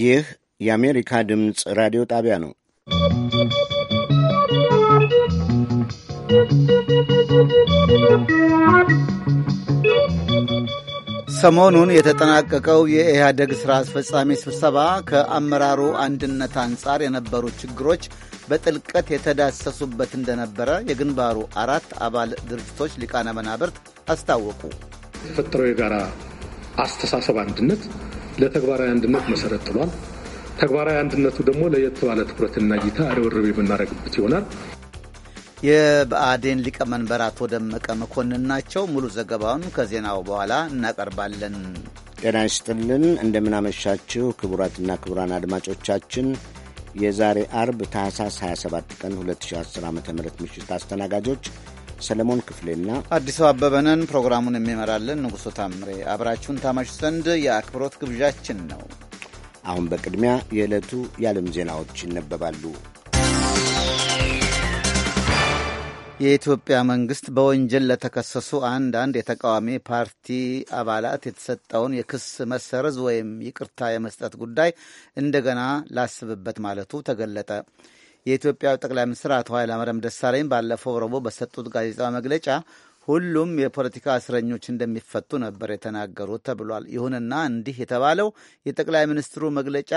ይህ የአሜሪካ ድምፅ ራዲዮ ጣቢያ ነው። ሰሞኑን የተጠናቀቀው የኢህአደግ ሥራ አስፈጻሚ ስብሰባ ከአመራሩ አንድነት አንጻር የነበሩ ችግሮች በጥልቀት የተዳሰሱበት እንደነበረ የግንባሩ አራት አባል ድርጅቶች ሊቃነ መናብርት አስታወቁ። የተፈጠረው የጋራ አስተሳሰብ አንድነት ለተግባራዊ አንድነት መሰረት ጥሏል። ተግባራዊ አንድነቱ ደግሞ ለየት ባለ ትኩረትና እይታ ርብርብ የምናደርግበት ይሆናል። የብአዴን ሊቀመንበር አቶ ደመቀ መኮንን ናቸው። ሙሉ ዘገባውን ከዜናው በኋላ እናቀርባለን። ጤና ይስጥልን፣ እንደምናመሻችሁ ክቡራትና ክቡራን አድማጮቻችን የዛሬ አርብ ታህሳስ 27 ቀን 2010 ዓ ም ምሽት አስተናጋጆች ሰለሞን ክፍሌና አዲሱ አበበንን ፕሮግራሙን የሚመራልን ንጉሱ ታምሬ አብራችሁን ታማሽ ዘንድ የአክብሮት ግብዣችን ነው። አሁን በቅድሚያ የዕለቱ የዓለም ዜናዎች ይነበባሉ። የኢትዮጵያ መንግስት በወንጀል ለተከሰሱ አንዳንድ የተቃዋሚ ፓርቲ አባላት የተሰጠውን የክስ መሰረዝ ወይም ይቅርታ የመስጠት ጉዳይ እንደገና ላስብበት ማለቱ ተገለጠ። የኢትዮጵያ ጠቅላይ ሚኒስትር አቶ ኃይለማርያም ደሳለኝ ባለፈው ረቡዕ በሰጡት ጋዜጣዊ መግለጫ ሁሉም የፖለቲካ እስረኞች እንደሚፈቱ ነበር የተናገሩት ተብሏል። ይሁንና እንዲህ የተባለው የጠቅላይ ሚኒስትሩ መግለጫ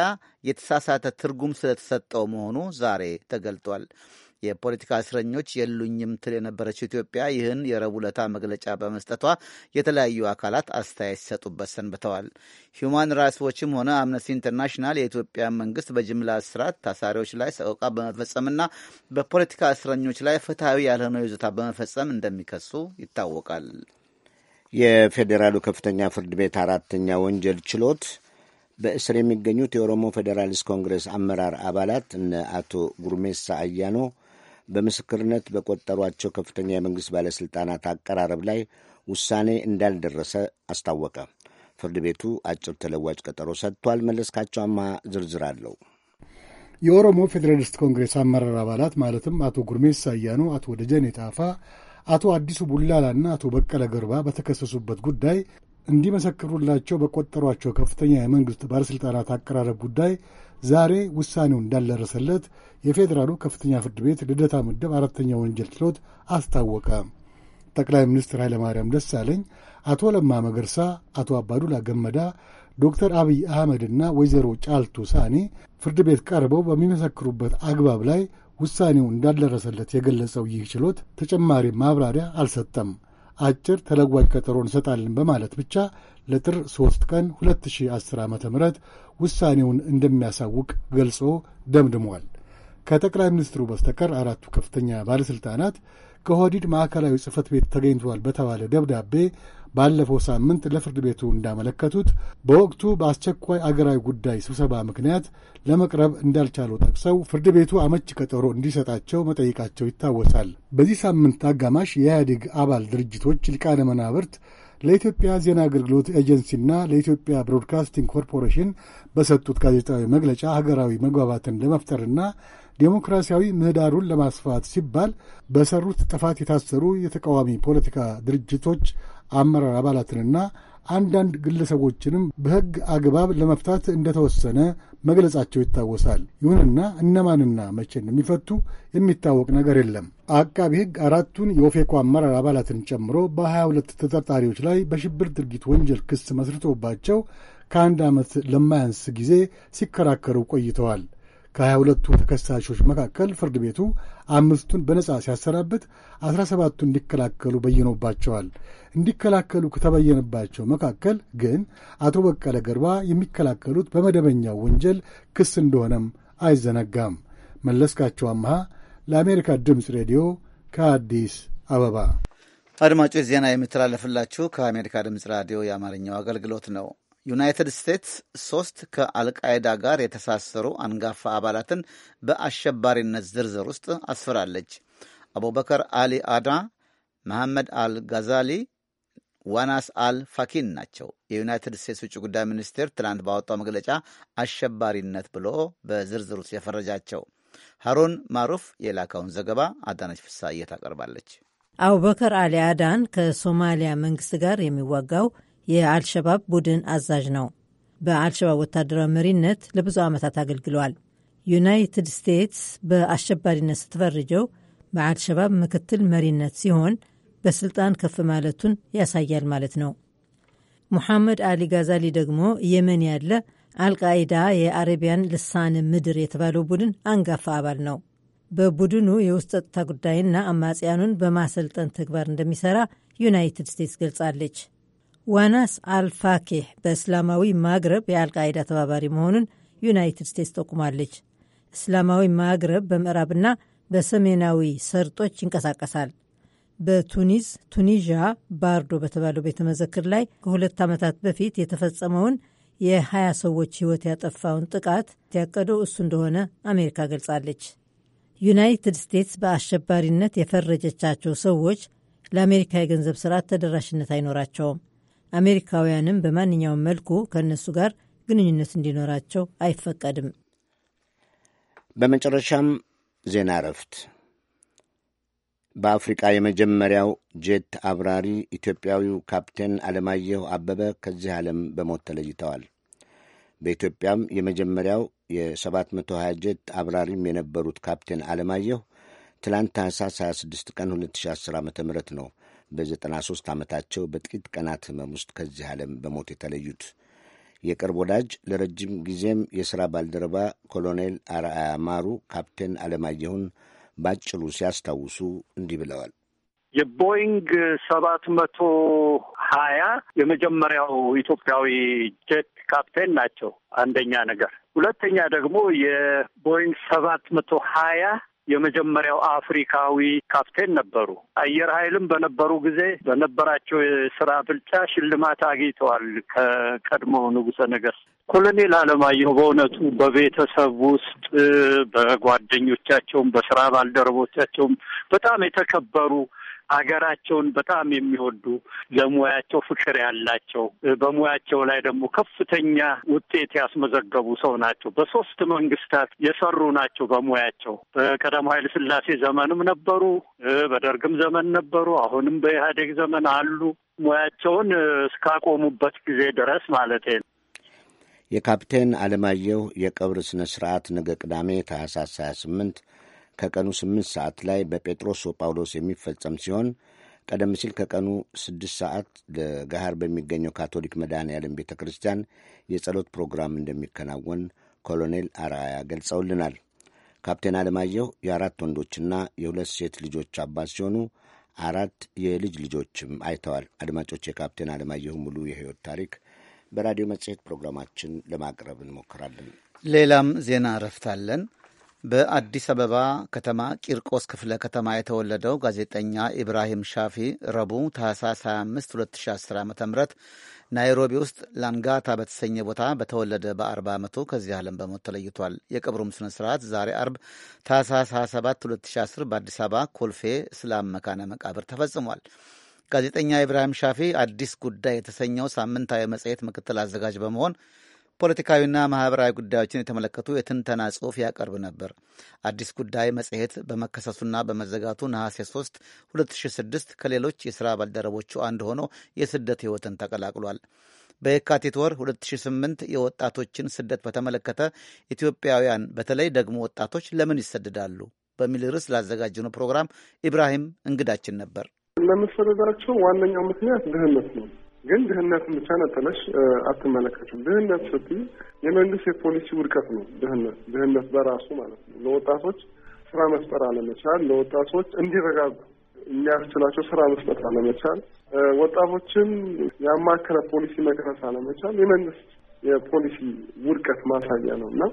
የተሳሳተ ትርጉም ስለተሰጠው መሆኑ ዛሬ ተገልጧል። የፖለቲካ እስረኞች የሉኝም ትል የነበረችው ኢትዮጵያ ይህን የረቡዕ ዕለት መግለጫ በመስጠቷ የተለያዩ አካላት አስተያየት ሲሰጡበት ሰንብተዋል። ሂውማን ራይትስ ዎችም ሆነ አምነስቲ ኢንተርናሽናል የኢትዮጵያ መንግስት በጅምላ እስራት፣ ታሳሪዎች ላይ ሰቆቃ በመፈጸምና በፖለቲካ እስረኞች ላይ ፍትሐዊ ያልሆነው ይዞታ በመፈጸም እንደሚከሱ ይታወቃል። የፌዴራሉ ከፍተኛ ፍርድ ቤት አራተኛ ወንጀል ችሎት በእስር የሚገኙት የኦሮሞ ፌዴራሊስት ኮንግረስ አመራር አባላት እነ አቶ ጉርሜሳ አያኖ፣ በምስክርነት በቆጠሯቸው ከፍተኛ የመንግሥት ባለሥልጣናት አቀራረብ ላይ ውሳኔ እንዳልደረሰ አስታወቀ። ፍርድ ቤቱ አጭር ተለዋጭ ቀጠሮ ሰጥቷል። መለስካቸው አማ ዝርዝር አለው። የኦሮሞ ፌዴራሊስት ኮንግሬስ አመራር አባላት ማለትም አቶ ጉርሜሳ አያኑ፣ አቶ ደጀኔ ጣፋ፣ አቶ አዲሱ ቡላላና አቶ በቀለ ገርባ በተከሰሱበት ጉዳይ እንዲመሰክሩላቸው በቆጠሯቸው ከፍተኛ የመንግሥት ባለሥልጣናት አቀራረብ ጉዳይ ዛሬ ውሳኔው እንዳልደረሰለት የፌዴራሉ ከፍተኛ ፍርድ ቤት ልደታ ምድብ አራተኛ ወንጀል ችሎት አስታወቀ። ጠቅላይ ሚኒስትር ኃይለማርያም ደሳለኝ፣ አቶ ለማ መገርሳ፣ አቶ አባዱላ ገመዳ፣ ዶክተር አብይ አህመድና ወይዘሮ ጫልቱ ሳኒ ፍርድ ቤት ቀርበው በሚመሰክሩበት አግባብ ላይ ውሳኔው እንዳልደረሰለት የገለጸው ይህ ችሎት ተጨማሪ ማብራሪያ አልሰጠም። አጭር ተለዋጭ ቀጠሮ እንሰጣለን በማለት ብቻ ለጥር 3 ቀን 2010 ዓ ም ውሳኔውን እንደሚያሳውቅ ገልጾ ደምድሟል። ከጠቅላይ ሚኒስትሩ በስተቀር አራቱ ከፍተኛ ባለሥልጣናት ከሆዲድ ማዕከላዊ ጽህፈት ቤት ተገኝተዋል በተባለ ደብዳቤ ባለፈው ሳምንት ለፍርድ ቤቱ እንዳመለከቱት በወቅቱ በአስቸኳይ አገራዊ ጉዳይ ስብሰባ ምክንያት ለመቅረብ እንዳልቻሉ ጠቅሰው ፍርድ ቤቱ አመች ቀጠሮ እንዲሰጣቸው መጠየቃቸው ይታወሳል። በዚህ ሳምንት አጋማሽ የኢህአዴግ አባል ድርጅቶች ሊቃነ መናብርት ለኢትዮጵያ ዜና አገልግሎት ኤጀንሲና ለኢትዮጵያ ብሮድካስቲንግ ኮርፖሬሽን በሰጡት ጋዜጣዊ መግለጫ ሀገራዊ መግባባትን ለመፍጠርና ዴሞክራሲያዊ ምህዳሩን ለማስፋት ሲባል በሰሩት ጥፋት የታሰሩ የተቃዋሚ ፖለቲካ ድርጅቶች አመራር አባላትንና አንዳንድ ግለሰቦችንም በሕግ አግባብ ለመፍታት እንደተወሰነ መግለጻቸው ይታወሳል። ይሁንና እነማንና መቼ እንደሚፈቱ የሚታወቅ ነገር የለም። አቃቢ ሕግ አራቱን የኦፌኮ አመራር አባላትን ጨምሮ በ22 ተጠርጣሪዎች ላይ በሽብር ድርጊት ወንጀል ክስ መስርቶባቸው ከአንድ ዓመት ለማያንስ ጊዜ ሲከራከሩ ቆይተዋል። ከ22ቱ ተከሳሾች መካከል ፍርድ ቤቱ አምስቱን በነጻ ሲያሰራበት አስራ ሰባቱን እንዲከላከሉ በይኖባቸዋል። እንዲከላከሉ ከተበየነባቸው መካከል ግን አቶ በቀለ ገርባ የሚከላከሉት በመደበኛው ወንጀል ክስ እንደሆነም አይዘነጋም። መለስካቸው አምሃ ለአሜሪካ ድምፅ ሬዲዮ ከአዲስ አበባ አድማጮች ዜና የሚተላለፍላችሁ ከአሜሪካ ድምፅ ራዲዮ የአማርኛው አገልግሎት ነው። ዩናይትድ ስቴትስ ሶስት ከአልቃይዳ ጋር የተሳሰሩ አንጋፋ አባላትን በአሸባሪነት ዝርዝር ውስጥ አስፍራለች። አቡበከር አሊ አዳ፣ መሐመድ አል ጋዛሊ፣ ዋናስ አል ፋኪን ናቸው። የዩናይትድ ስቴትስ ውጭ ጉዳይ ሚኒስቴር ትናንት ባወጣው መግለጫ አሸባሪነት ብሎ በዝርዝር ውስጥ የፈረጃቸው ሀሮን ማሩፍ የላካውን ዘገባ አዳነች ፍሳዬ ታቀርባለች። አቡበከር አሊ አዳን ከሶማሊያ መንግስት ጋር የሚዋጋው የአልሸባብ ቡድን አዛዥ ነው። በአልሸባብ ወታደራዊ መሪነት ለብዙ ዓመታት አገልግሏል። ዩናይትድ ስቴትስ በአሸባሪነት ስትፈርጀው በአልሸባብ ምክትል መሪነት ሲሆን በስልጣን ከፍ ማለቱን ያሳያል ማለት ነው። ሙሐመድ አሊ ጋዛሊ ደግሞ የመን ያለ አልቃይዳ የአረቢያን ልሳነ ምድር የተባለው ቡድን አንጋፋ አባል ነው። በቡድኑ የውስጥ ጸጥታ ጉዳይና አማጽያኑን በማሰልጠን ተግባር እንደሚሰራ ዩናይትድ ስቴትስ ገልጻለች። ዋናስ አልፋኬህ በእስላማዊ ማግረብ የአልቃይዳ ተባባሪ መሆኑን ዩናይትድ ስቴትስ ጠቁማለች። እስላማዊ ማግረብ በምዕራብና በሰሜናዊ ሰርጦች ይንቀሳቀሳል። በቱኒዝ ቱኒዣ ባርዶ በተባለው ቤተ መዘክር ላይ ከሁለት ዓመታት በፊት የተፈጸመውን የ20 ሰዎች ሕይወት ያጠፋውን ጥቃት ያቀደው እሱ እንደሆነ አሜሪካ ገልጻለች። ዩናይትድ ስቴትስ በአሸባሪነት የፈረጀቻቸው ሰዎች ለአሜሪካ የገንዘብ ስርዓት ተደራሽነት አይኖራቸውም። አሜሪካውያንም በማንኛውም መልኩ ከእነሱ ጋር ግንኙነት እንዲኖራቸው አይፈቀድም። በመጨረሻም ዜና እረፍት። በአፍሪቃ የመጀመሪያው ጄት አብራሪ ኢትዮጵያዊው ካፕቴን አለማየሁ አበበ ከዚህ ዓለም በሞት ተለይተዋል። በኢትዮጵያም የመጀመሪያው የ720 ጀት አብራሪም የነበሩት ካፕቴን አለማየሁ ትላንት ታህሳስ 26 ቀን 2010 ዓ ም ነው በ93 ዓመታቸው በጥቂት ቀናት ህመም ውስጥ ከዚህ ዓለም በሞት የተለዩት የቅርብ ወዳጅ ለረጅም ጊዜም የሥራ ባልደረባ ኮሎኔል አርአያ ማሩ ካፕቴን አለማየሁን ባጭሩ ሲያስታውሱ እንዲህ ብለዋል። የቦይንግ ሰባት መቶ ሀያ የመጀመሪያው ኢትዮጵያዊ ጀት ካፕቴን ናቸው። አንደኛ ነገር። ሁለተኛ ደግሞ የቦይንግ ሰባት መቶ ሀያ የመጀመሪያው አፍሪካዊ ካፕቴን ነበሩ። አየር ኃይልም በነበሩ ጊዜ በነበራቸው የስራ ብልጫ ሽልማት አግኝተዋል ከቀድሞ ንጉሰ ነገሥት። ኮሎኔል አለማየሁ በእውነቱ በቤተሰብ ውስጥ በጓደኞቻቸውም፣ በስራ ባልደረቦቻቸውም በጣም የተከበሩ ሀገራቸውን በጣም የሚወዱ ለሙያቸው ፍቅር ያላቸው በሙያቸው ላይ ደግሞ ከፍተኛ ውጤት ያስመዘገቡ ሰው ናቸው። በሶስት መንግስታት የሰሩ ናቸው። በሙያቸው በቀዳማዊ ኃይለ ሥላሴ ዘመንም ነበሩ፣ በደርግም ዘመን ነበሩ፣ አሁንም በኢህአዴግ ዘመን አሉ። ሙያቸውን እስካቆሙበት ጊዜ ድረስ ማለት ነው። የካፕቴን አለማየሁ የቀብር ስነ ስርዓት ነገ ቅዳሜ ታህሳስ 28 ከቀኑ 8 ሰዓት ላይ በጴጥሮስ ጳውሎስ የሚፈጸም ሲሆን ቀደም ሲል ከቀኑ ስድስት ሰዓት ለገሃር በሚገኘው ካቶሊክ መድኃኔ ዓለም ቤተ ክርስቲያን የጸሎት ፕሮግራም እንደሚከናወን ኮሎኔል አራያ ገልጸውልናል። ካፕቴን አለማየሁ የአራት ወንዶችና የሁለት ሴት ልጆች አባት ሲሆኑ አራት የልጅ ልጆችም አይተዋል። አድማጮች የካፕቴን አለማየሁ ሙሉ የህይወት ታሪክ በራዲዮ መጽሔት ፕሮግራማችን ለማቅረብ እንሞክራለን። ሌላም ዜና እረፍታለን። በአዲስ አበባ ከተማ ቂርቆስ ክፍለ ከተማ የተወለደው ጋዜጠኛ ኢብራሂም ሻፊ ረቡዕ ታህሳስ 25 2010 ዓ ም ናይሮቢ ውስጥ ላንጋታ በተሰኘ ቦታ በተወለደ በ40 ዓመቱ ከዚህ ዓለም በሞት ተለይቷል። የቀብሩም ስነ ስርዓት ዛሬ አርብ ታህሳስ 27 2010 በአዲስ አበባ ኮልፌ እስላም መካነ መቃብር ተፈጽሟል። ጋዜጠኛ ኢብራሂም ሻፊ አዲስ ጉዳይ የተሰኘው ሳምንታዊ መጽሔት ምክትል አዘጋጅ በመሆን ፖለቲካዊና ማህበራዊ ጉዳዮችን የተመለከቱ የትንተና ጽሑፍ ያቀርብ ነበር። አዲስ ጉዳይ መጽሔት በመከሰሱና በመዘጋቱ ነሐሴ 3 2006 ከሌሎች የሥራ ባልደረቦቹ አንድ ሆኖ የስደት ሕይወትን ተቀላቅሏል። በየካቲት ወር 2008 የወጣቶችን ስደት በተመለከተ ኢትዮጵያውያን በተለይ ደግሞ ወጣቶች ለምን ይሰደዳሉ በሚል ርዕስ ላዘጋጀነው ፕሮግራም ኢብራሂም እንግዳችን ነበር። ለመሰደዳቸው ዋነኛው ምክንያት ድህነት ነው። ግን ድህነትን ብቻ ነጥለሽ አትመለከትም። ድህነት ስትይ የመንግስት የፖሊሲ ውድቀት ነው ድህነት ድህነት በራሱ ማለት ነው። ለወጣቶች ስራ መስጠር አለመቻል፣ ለወጣቶች እንዲረጋጉ የሚያስችላቸው ስራ መስጠት አለመቻል፣ ወጣቶችን ያማከለ ፖሊሲ መቅረስ አለመቻል የመንግስት የፖሊሲ ውድቀት ማሳያ ነው እና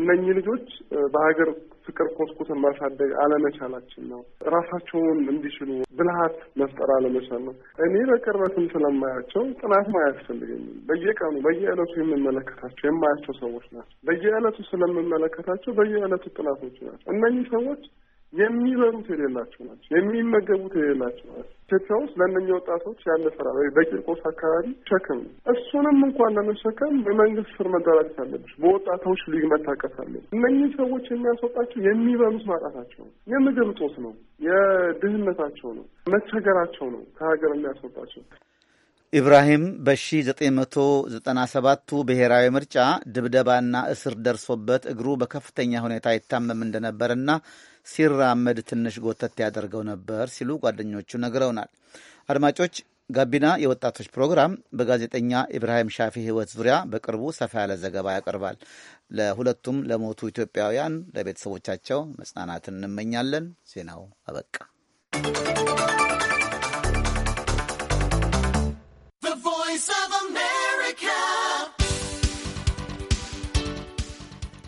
እነኚህ ልጆች በሀገር ፍቅር ኮትኩትን ማሳደግ አለመቻላችን ነው። ራሳቸውን እንዲችሉ ብልሃት መፍጠር አለመቻል ነው። እኔ በቅርበትም ስለማያቸው ጥናት አያስፈልገኝም። በየቀኑ በየዕለቱ የምመለከታቸው የማያቸው ሰዎች ናቸው። በየዕለቱ ስለምመለከታቸው በየዕለቱ ጥናቶች ናቸው። እነኚህ ሰዎች የሚበሉት የሌላቸው ናቸው። የሚመገቡት የሌላቸው ናቸው። ኢትዮጵያ ውስጥ ለእነኛ ወጣቶች ያለ ስራ በቂርቆስ አካባቢ ሸክም ነው። እሱንም እንኳን ለመሸከም በመንግስት ስር መደራጀት አለብሽ። በወጣቶች ሊግ መታቀፍ አለብሽ። እነኚህ ሰዎች የሚያስወጣቸው የሚበሉት ማጣታቸው ነው፣ የምግብ ጦት ነው፣ የድህነታቸው ነው፣ መቸገራቸው ነው ከሀገር የሚያስወጣቸው። ኢብራሂም በ 1997 ብሔራዊ ምርጫ ድብደባና እስር ደርሶበት እግሩ በከፍተኛ ሁኔታ ይታመም እንደነበርና ሲራመድ ትንሽ ጎተት ያደርገው ነበር ሲሉ ጓደኞቹ ነግረውናል። አድማጮች፣ ጋቢና የወጣቶች ፕሮግራም በጋዜጠኛ ኢብራሂም ሻፊ ሕይወት ዙሪያ በቅርቡ ሰፋ ያለ ዘገባ ያቀርባል። ለሁለቱም ለሞቱ ኢትዮጵያውያን ለቤተሰቦቻቸው መጽናናትን እንመኛለን። ዜናው አበቃ።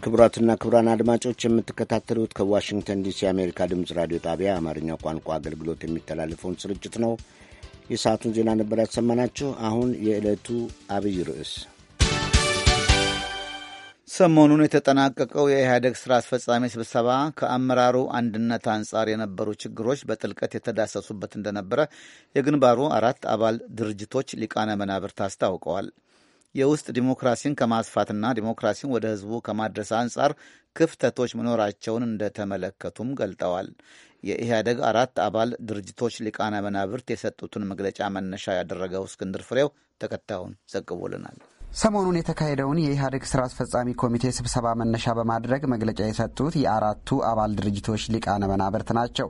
ክቡራትና ክቡራን አድማጮች የምትከታተሉት ከዋሽንግተን ዲሲ የአሜሪካ ድምፅ ራዲዮ ጣቢያ አማርኛው ቋንቋ አገልግሎት የሚተላለፈውን ስርጭት ነው። የሰዓቱን ዜና ነበር ያሰማናችሁ። አሁን የዕለቱ አብይ ርዕስ ሰሞኑን የተጠናቀቀው የኢህአደግ ሥራ አስፈጻሚ ስብሰባ ከአመራሩ አንድነት አንጻር የነበሩ ችግሮች በጥልቀት የተዳሰሱበት እንደነበረ የግንባሩ አራት አባል ድርጅቶች ሊቃነ መናብርት አስታውቀዋል። የውስጥ ዲሞክራሲን ከማስፋትና ዲሞክራሲን ወደ ህዝቡ ከማድረስ አንጻር ክፍተቶች መኖራቸውን እንደተመለከቱም ገልጠዋል። የኢህአደግ አራት አባል ድርጅቶች ሊቃነ መናብርት የሰጡትን መግለጫ መነሻ ያደረገው እስክንድር ፍሬው ተከታዩን ዘግቦልናል። ሰሞኑን የተካሄደውን የኢህአዴግ ስራ አስፈጻሚ ኮሚቴ ስብሰባ መነሻ በማድረግ መግለጫ የሰጡት የአራቱ አባል ድርጅቶች ሊቃነ መናብርት ናቸው።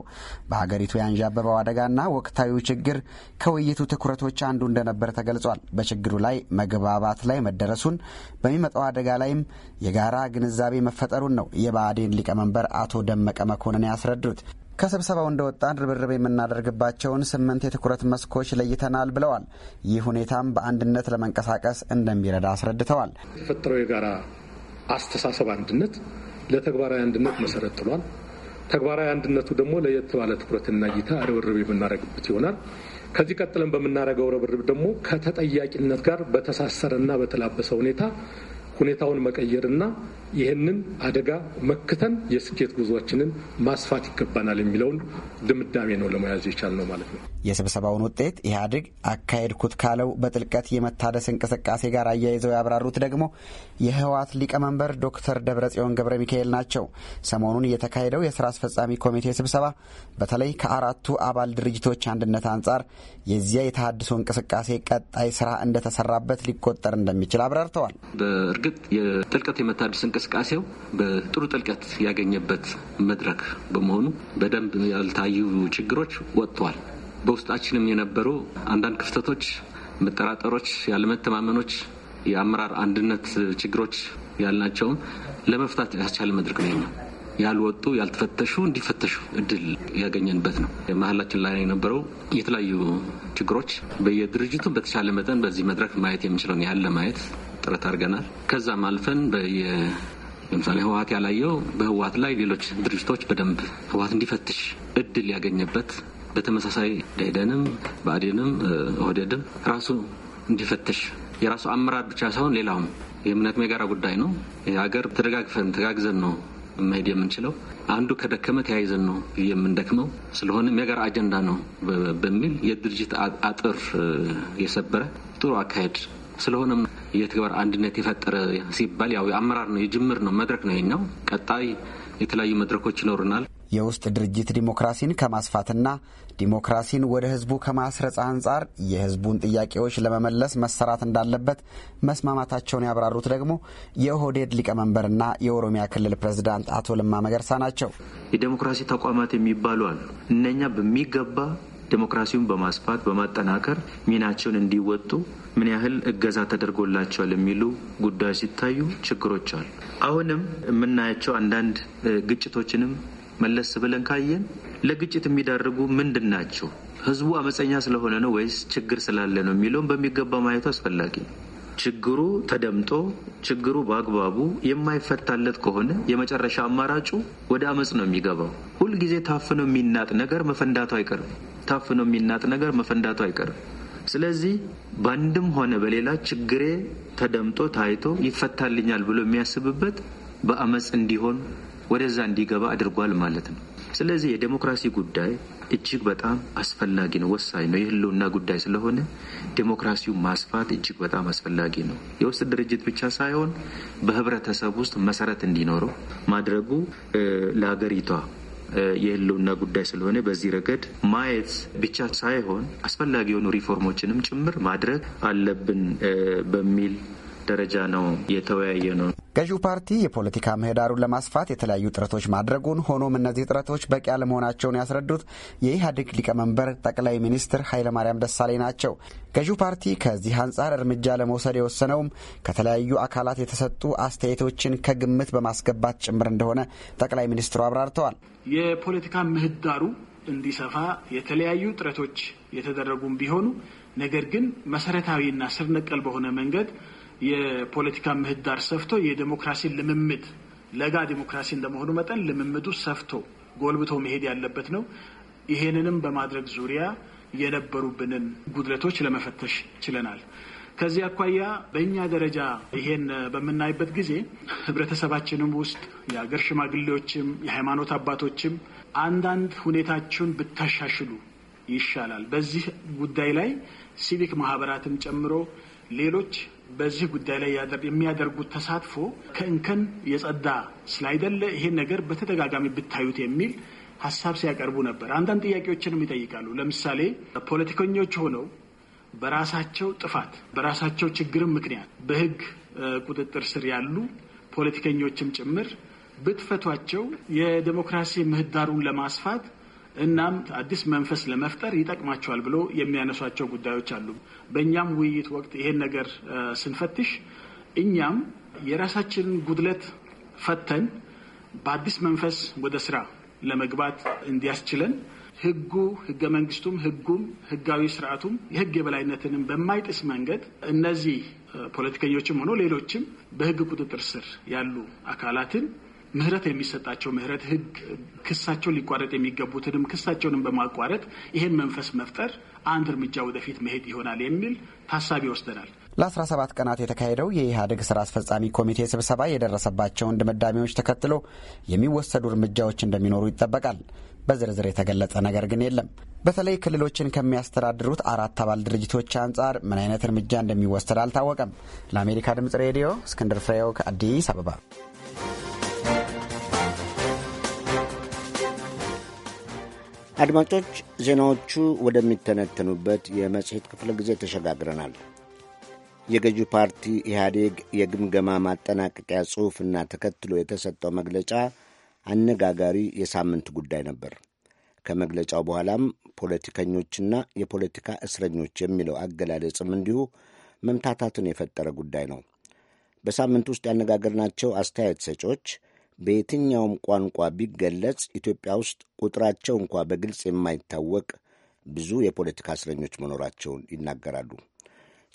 በሀገሪቱ ያንዣበበው አደጋና ወቅታዊው ችግር ከውይይቱ ትኩረቶች አንዱ እንደነበር ተገልጿል። በችግሩ ላይ መግባባት ላይ መደረሱን፣ በሚመጣው አደጋ ላይም የጋራ ግንዛቤ መፈጠሩን ነው የብአዴን ሊቀመንበር አቶ ደመቀ መኮንን ያስረዱት። ከስብሰባው እንደወጣን ርብርብ የምናደርግባቸውን ስምንት የትኩረት መስኮች ለይተናል ብለዋል። ይህ ሁኔታም በአንድነት ለመንቀሳቀስ እንደሚረዳ አስረድተዋል። የተፈጠረው የጋራ አስተሳሰብ አንድነት ለተግባራዊ አንድነት መሰረት ጥሏል። ተግባራዊ አንድነቱ ደግሞ ለየት ባለ ትኩረትና እይታ ርብርብ የምናደርግበት ይሆናል። ከዚህ ቀጥለን በምናደርገው ርብርብ ደግሞ ከተጠያቂነት ጋር በተሳሰረና በተላበሰ ሁኔታ ሁኔታውን መቀየርና ይህንን አደጋ መክተን የስኬት ጉዟችንን ማስፋት ይገባናል የሚለውን ድምዳሜ ነው ለመያዝ የቻልነው ማለት ነው። የስብሰባውን ውጤት ኢህአዴግ አካሄድኩት ካለው በጥልቀት የመታደስ እንቅስቃሴ ጋር አያይዘው ያብራሩት ደግሞ የህወሓት ሊቀመንበር ዶክተር ደብረጽዮን ገብረ ሚካኤል ናቸው። ሰሞኑን የተካሄደው የስራ አስፈጻሚ ኮሚቴ ስብሰባ በተለይ ከአራቱ አባል ድርጅቶች አንድነት አንጻር የዚያ የተሃድሶ እንቅስቃሴ ቀጣይ ስራ እንደተሰራበት ሊቆጠር እንደሚችል አብራርተዋል። በእርግጥ የጥልቀት የመታደስ እንቅስ እንቅስቃሴው በጥሩ ጥልቀት ያገኘበት መድረክ በመሆኑ በደንብ ያልታዩ ችግሮች ወጥተዋል። በውስጣችንም የነበሩ አንዳንድ ክፍተቶች፣ መጠራጠሮች፣ ያለመተማመኖች፣ የአመራር አንድነት ችግሮች ያልናቸውም ለመፍታት ያስቻለ መድረክ ነው። ያልወጡ ያልተፈተሹ እንዲፈተሹ እድል ያገኘንበት ነው። መሀላችን ላይ የነበረው የተለያዩ ችግሮች በየድርጅቱ በተቻለ መጠን በዚህ መድረክ ማየት የምችለውን ያለ ማየት ጥረት አድርገናል። ከዛም አልፈን በየ ለምሳሌ ህወሀት ያላየው በህወሀት ላይ ሌሎች ድርጅቶች በደንብ ህወሀት እንዲፈትሽ እድል ያገኘበት በተመሳሳይ ደደንም በአዴንም ኦህዴድም ራሱ እንዲፈተሽ የራሱ አመራር ብቻ ሳይሆን ሌላውም የእምነትም የጋራ ጉዳይ ነው። የሀገር ተደጋግፈን ተጋግዘን ነው መሄድ የምንችለው። አንዱ ከደከመ ተያይዘን ነው የምንደክመው። ስለሆነም የጋራ አጀንዳ ነው በሚል የድርጅት አጥር የሰበረ ጥሩ አካሄድ ስለሆነም የትግበር አንድነት የፈጠረ ሲባል ያው የአመራር ነው የጅምር ነው መድረክ ነው ነው። ቀጣይ የተለያዩ መድረኮች ይኖሩናል። የውስጥ ድርጅት ዲሞክራሲን ከማስፋትና ዲሞክራሲን ወደ ህዝቡ ከማስረጽ አንጻር የህዝቡን ጥያቄዎች ለመመለስ መሰራት እንዳለበት መስማማታቸውን ያብራሩት ደግሞ የኦህዴድ ሊቀመንበርና የኦሮሚያ ክልል ፕሬዝዳንት አቶ ለማ መገርሳ ናቸው። የዲሞክራሲ ተቋማት የሚባሉ አሉ። እነኛ በሚገባ ዲሞክራሲውን በማስፋት በማጠናከር ሚናቸውን እንዲወጡ ምን ያህል እገዛ ተደርጎላቸዋል የሚሉ ጉዳዮች ሲታዩ ችግሮች አሉ። አሁንም የምናያቸው አንዳንድ ግጭቶችንም መለስ ብለን ካየን ለግጭት የሚዳርጉ ምንድን ናቸው? ህዝቡ አመፀኛ ስለሆነ ነው ወይስ ችግር ስላለ ነው የሚለውን በሚገባ ማየቱ አስፈላጊ ነው። ችግሩ ተደምጦ ችግሩ በአግባቡ የማይፈታለት ከሆነ የመጨረሻ አማራጩ ወደ አመፅ ነው የሚገባው። ሁልጊዜ ታፍኖ የሚናጥ ነገር መፈንዳቱ አይቀርም። ታፍኖ የሚናጥ ነገር መፈንዳቱ አይቀርም። ስለዚህ በአንድም ሆነ በሌላ ችግሬ ተደምጦ ታይቶ ይፈታልኛል ብሎ የሚያስብበት በአመፅ እንዲሆን ወደዛ እንዲገባ አድርጓል ማለት ነው። ስለዚህ የዴሞክራሲ ጉዳይ እጅግ በጣም አስፈላጊ ነው፣ ወሳኝ ነው። የህልውና ጉዳይ ስለሆነ ዴሞክራሲው ማስፋት እጅግ በጣም አስፈላጊ ነው። የውስጥ ድርጅት ብቻ ሳይሆን በህብረተሰብ ውስጥ መሰረት እንዲኖረው ማድረጉ ለሀገሪቷ የህልውና ጉዳይ ስለሆነ በዚህ ረገድ ማየት ብቻ ሳይሆን አስፈላጊ የሆኑ ሪፎርሞችንም ጭምር ማድረግ አለብን በሚል ደረጃ ነው የተወያየ ነው። ገዢው ፓርቲ የፖለቲካ ምህዳሩን ለማስፋት የተለያዩ ጥረቶች ማድረጉን፣ ሆኖም እነዚህ ጥረቶች በቂ አለመሆናቸውን ያስረዱት የኢህአዴግ ሊቀመንበር ጠቅላይ ሚኒስትር ኃይለማርያም ደሳለኝ ናቸው። ገዢው ፓርቲ ከዚህ አንጻር እርምጃ ለመውሰድ የወሰነውም ከተለያዩ አካላት የተሰጡ አስተያየቶችን ከግምት በማስገባት ጭምር እንደሆነ ጠቅላይ ሚኒስትሩ አብራርተዋል። የፖለቲካ ምህዳሩ እንዲሰፋ የተለያዩ ጥረቶች የተደረጉም ቢሆኑ ነገር ግን መሰረታዊና ስር ነቀል በሆነ መንገድ የፖለቲካ ምህዳር ሰፍቶ የዴሞክራሲን ልምምድ ለጋ ዴሞክራሲ እንደመሆኑ መጠን ልምምዱ ሰፍቶ ጎልብቶ መሄድ ያለበት ነው። ይሄንንም በማድረግ ዙሪያ የነበሩብንን ጉድለቶች ለመፈተሽ ችለናል። ከዚህ አኳያ በእኛ ደረጃ ይሄን በምናይበት ጊዜ ህብረተሰባችንም ውስጥ የአገር ሽማግሌዎችም የሃይማኖት አባቶችም አንዳንድ ሁኔታችሁን ብታሻሽሉ ይሻላል፣ በዚህ ጉዳይ ላይ ሲቪክ ማህበራትን ጨምሮ ሌሎች በዚህ ጉዳይ ላይ የሚያደርጉት ተሳትፎ ከእንከን የጸዳ ስላይደለ ይሄን ነገር በተደጋጋሚ ብታዩት የሚል ሀሳብ ሲያቀርቡ ነበር። አንዳንድ ጥያቄዎችንም ይጠይቃሉ። ለምሳሌ ፖለቲከኞች ሆነው በራሳቸው ጥፋት በራሳቸው ችግርም ምክንያት በሕግ ቁጥጥር ስር ያሉ ፖለቲከኞችም ጭምር ብትፈቷቸው የዴሞክራሲ ምህዳሩን ለማስፋት እናም አዲስ መንፈስ ለመፍጠር ይጠቅማቸዋል ብሎ የሚያነሷቸው ጉዳዮች አሉ። በእኛም ውይይት ወቅት ይሄን ነገር ስንፈትሽ እኛም የራሳችንን ጉድለት ፈተን በአዲስ መንፈስ ወደ ስራ ለመግባት እንዲያስችለን ህጉ ህገ መንግስቱም ህጉም ህጋዊ ስርዓቱም የህግ የበላይነትንም በማይጥስ መንገድ እነዚህ ፖለቲከኞችም ሆኖ ሌሎችም በህግ ቁጥጥር ስር ያሉ አካላትን ምህረት የሚሰጣቸው ምህረት ህግ ክሳቸውን ሊቋረጥ የሚገቡትንም ክሳቸውንም በማቋረጥ ይሄን መንፈስ መፍጠር አንድ እርምጃ ወደፊት መሄድ ይሆናል የሚል ታሳቢ ወስደናል። ለ17 ቀናት የተካሄደው የኢህአዴግ ስራ አስፈጻሚ ኮሚቴ ስብሰባ የደረሰባቸውን ድምዳሜዎች ተከትሎ የሚወሰዱ እርምጃዎች እንደሚኖሩ ይጠበቃል። በዝርዝር የተገለጸ ነገር ግን የለም። በተለይ ክልሎችን ከሚያስተዳድሩት አራት አባል ድርጅቶች አንጻር ምን አይነት እርምጃ እንደሚወሰድ አልታወቀም። ለአሜሪካ ድምጽ ሬዲዮ እስክንድር ፍሬው ከአዲስ አበባ አድማጮች ዜናዎቹ ወደሚተነተኑበት የመጽሔት ክፍለ ጊዜ ተሸጋግረናል። የገዢው ፓርቲ ኢህአዴግ የግምገማ ማጠናቀቂያ ጽሑፍና ተከትሎ የተሰጠው መግለጫ አነጋጋሪ የሳምንት ጉዳይ ነበር። ከመግለጫው በኋላም ፖለቲከኞችና የፖለቲካ እስረኞች የሚለው አገላለጽም እንዲሁ መምታታትን የፈጠረ ጉዳይ ነው። በሳምንት ውስጥ ያነጋገርናቸው አስተያየት ሰጪዎች በየትኛውም ቋንቋ ቢገለጽ ኢትዮጵያ ውስጥ ቁጥራቸው እንኳ በግልጽ የማይታወቅ ብዙ የፖለቲካ እስረኞች መኖራቸውን ይናገራሉ።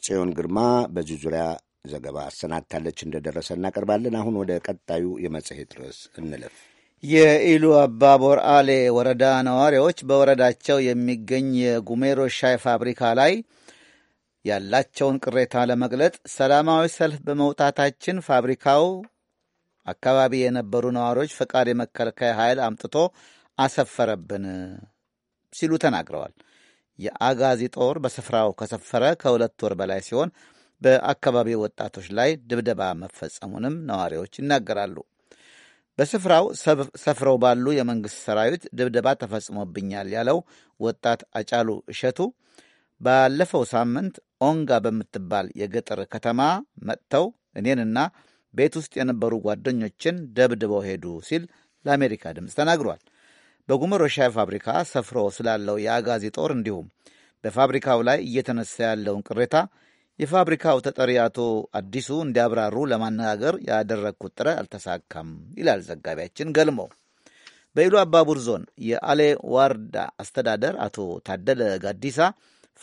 ጽዮን ግርማ በዚህ ዙሪያ ዘገባ አሰናድታለች፣ እንደደረሰ እናቀርባለን። አሁን ወደ ቀጣዩ የመጽሔት ርዕስ እንለፍ። የኢሉ አባቦር አሌ ወረዳ ነዋሪዎች በወረዳቸው የሚገኝ የጉሜሮ ሻይ ፋብሪካ ላይ ያላቸውን ቅሬታ ለመግለጥ ሰላማዊ ሰልፍ በመውጣታችን ፋብሪካው አካባቢ የነበሩ ነዋሪዎች ፈቃድ የመከላከያ ኃይል አምጥቶ አሰፈረብን ሲሉ ተናግረዋል። የአጋዚ ጦር በስፍራው ከሰፈረ ከሁለት ወር በላይ ሲሆን በአካባቢው ወጣቶች ላይ ድብደባ መፈጸሙንም ነዋሪዎች ይናገራሉ። በስፍራው ሰፍረው ባሉ የመንግሥት ሰራዊት ድብደባ ተፈጽሞብኛል ያለው ወጣት አጫሉ እሸቱ ባለፈው ሳምንት ኦንጋ በምትባል የገጠር ከተማ መጥተው እኔንና ቤት ውስጥ የነበሩ ጓደኞችን ደብድበው ሄዱ ሲል ለአሜሪካ ድምፅ ተናግሯል። በጉመሮ ሻይ ፋብሪካ ሰፍሮ ስላለው የአጋዚ ጦር እንዲሁም በፋብሪካው ላይ እየተነሳ ያለውን ቅሬታ የፋብሪካው ተጠሪ አቶ አዲሱ እንዲያብራሩ ለማነጋገር ያደረግኩት ጥረት አልተሳካም ይላል ዘጋቢያችን ገልሞ። በኢሉ አባቡር ዞን የአሌ ዋርዳ አስተዳደር አቶ ታደለ ጋዲሳ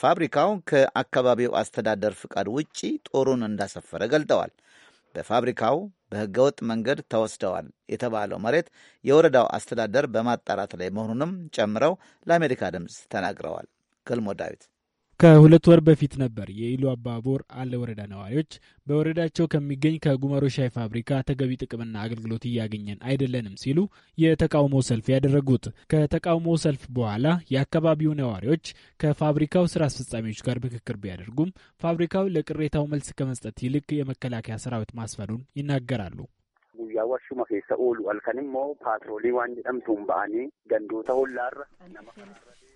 ፋብሪካው ከአካባቢው አስተዳደር ፍቃድ ውጪ ጦሩን እንዳሰፈረ ገልጠዋል። በፋብሪካው በህገወጥ መንገድ ተወስደዋል የተባለው መሬት የወረዳው አስተዳደር በማጣራት ላይ መሆኑንም ጨምረው ለአሜሪካ ድምፅ ተናግረዋል። ገልሞ ዳዊት ከሁለት ወር በፊት ነበር የኢሉ አባቦር አለ ወረዳ ነዋሪዎች በወረዳቸው ከሚገኝ ከጉመሮ ሻይ ፋብሪካ ተገቢ ጥቅምና አገልግሎት እያገኘን አይደለንም ሲሉ የተቃውሞ ሰልፍ ያደረጉት። ከተቃውሞ ሰልፍ በኋላ የአካባቢው ነዋሪዎች ከፋብሪካው ስራ አስፈጻሚዎች ጋር ምክክር ቢያደርጉም ፋብሪካው ለቅሬታው መልስ ከመስጠት ይልቅ የመከላከያ ሰራዊት ማስፈሩን ይናገራሉ። ኦሉ ፓትሮሊ ዋን ጀምቱን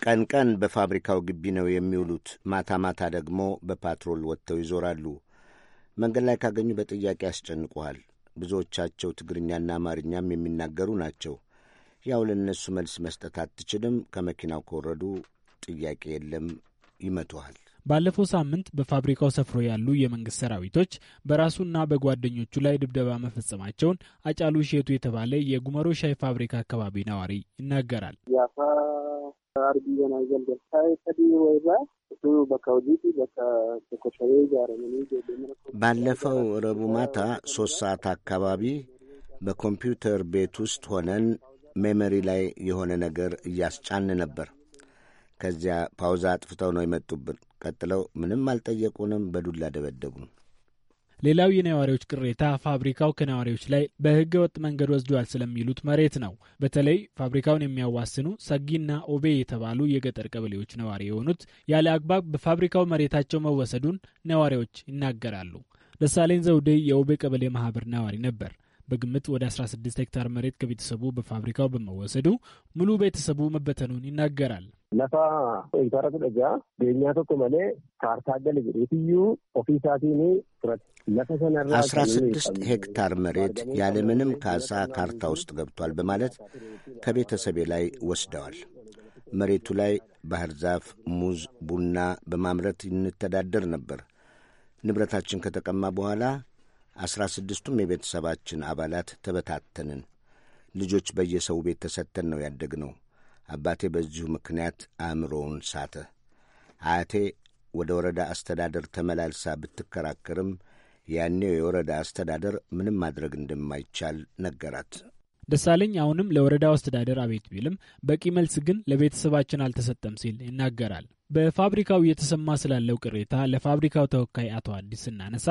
ቀን ቀን በፋብሪካው ግቢ ነው የሚውሉት። ማታ ማታ ደግሞ በፓትሮል ወጥተው ይዞራሉ። መንገድ ላይ ካገኙ በጥያቄ ያስጨንቁሃል። ብዙዎቻቸው ትግርኛና አማርኛም የሚናገሩ ናቸው። ያው ለእነሱ መልስ መስጠት አትችልም። ከመኪናው ከወረዱ ጥያቄ የለም ይመቱሃል። ባለፈው ሳምንት በፋብሪካው ሰፍሮ ያሉ የመንግስት ሰራዊቶች በራሱና በጓደኞቹ ላይ ድብደባ መፈጸማቸውን አጫሉ ሼቱ የተባለ የጉመሮ ሻይ ፋብሪካ አካባቢ ነዋሪ ይናገራል። ባለፈው ረቡዕ ማታ ሶስት ሰዓት አካባቢ በኮምፒውተር ቤት ውስጥ ሆነን ሜሞሪ ላይ የሆነ ነገር እያስጫን ነበር። ከዚያ ፓውዛ አጥፍተው ነው የመጡብን። ቀጥለው ምንም አልጠየቁንም፣ በዱላ ደበደቡ ሌላው የነዋሪዎች ቅሬታ ፋብሪካው ከነዋሪዎች ላይ በህገ ወጥ መንገድ ወስዷል ስለሚሉት መሬት ነው። በተለይ ፋብሪካውን የሚያዋስኑ ሰጊና ኦቤ የተባሉ የገጠር ቀበሌዎች ነዋሪ የሆኑት ያለ አግባብ በፋብሪካው መሬታቸው መወሰዱን ነዋሪዎች ይናገራሉ። ደሳለኝ ዘውዴ የኦቤ ቀበሌ ማህበር ነዋሪ ነበር። በግምት ወደ 16 ሄክታር መሬት ከቤተሰቡ በፋብሪካው በመወሰዱ ሙሉ ቤተሰቡ መበተኑን ይናገራል። lafa intarra fudhataa beenyaa tokko malee kaartaa gali jedheetiyyuu ofii isaatiin turate. lafa sanarraa አስራ ስድስት ሄክታር መሬት ያለምንም ካሳ ካርታ ውስጥ ገብቷል በማለት ከቤተሰቤ ላይ ወስደዋል። መሬቱ ላይ ባህር ዛፍ፣ ሙዝ፣ ቡና በማምረት እንተዳደር ነበር። ንብረታችን ከተቀማ በኋላ አስራ ስድስቱም የቤተሰባችን አባላት ተበታተንን። ልጆች በየሰው ቤት ተሰተን ነው ያደግነው። አባቴ በዚሁ ምክንያት አእምሮውን ሳተ። አያቴ ወደ ወረዳ አስተዳደር ተመላልሳ ብትከራከርም ያኔው የወረዳ አስተዳደር ምንም ማድረግ እንደማይቻል ነገራት። ደሳለኝ አሁንም ለወረዳው አስተዳደር አቤት ቢልም በቂ መልስ ግን ለቤተሰባችን አልተሰጠም ሲል ይናገራል። በፋብሪካው እየተሰማ ስላለው ቅሬታ ለፋብሪካው ተወካይ አቶ አዲስ ስናነሳ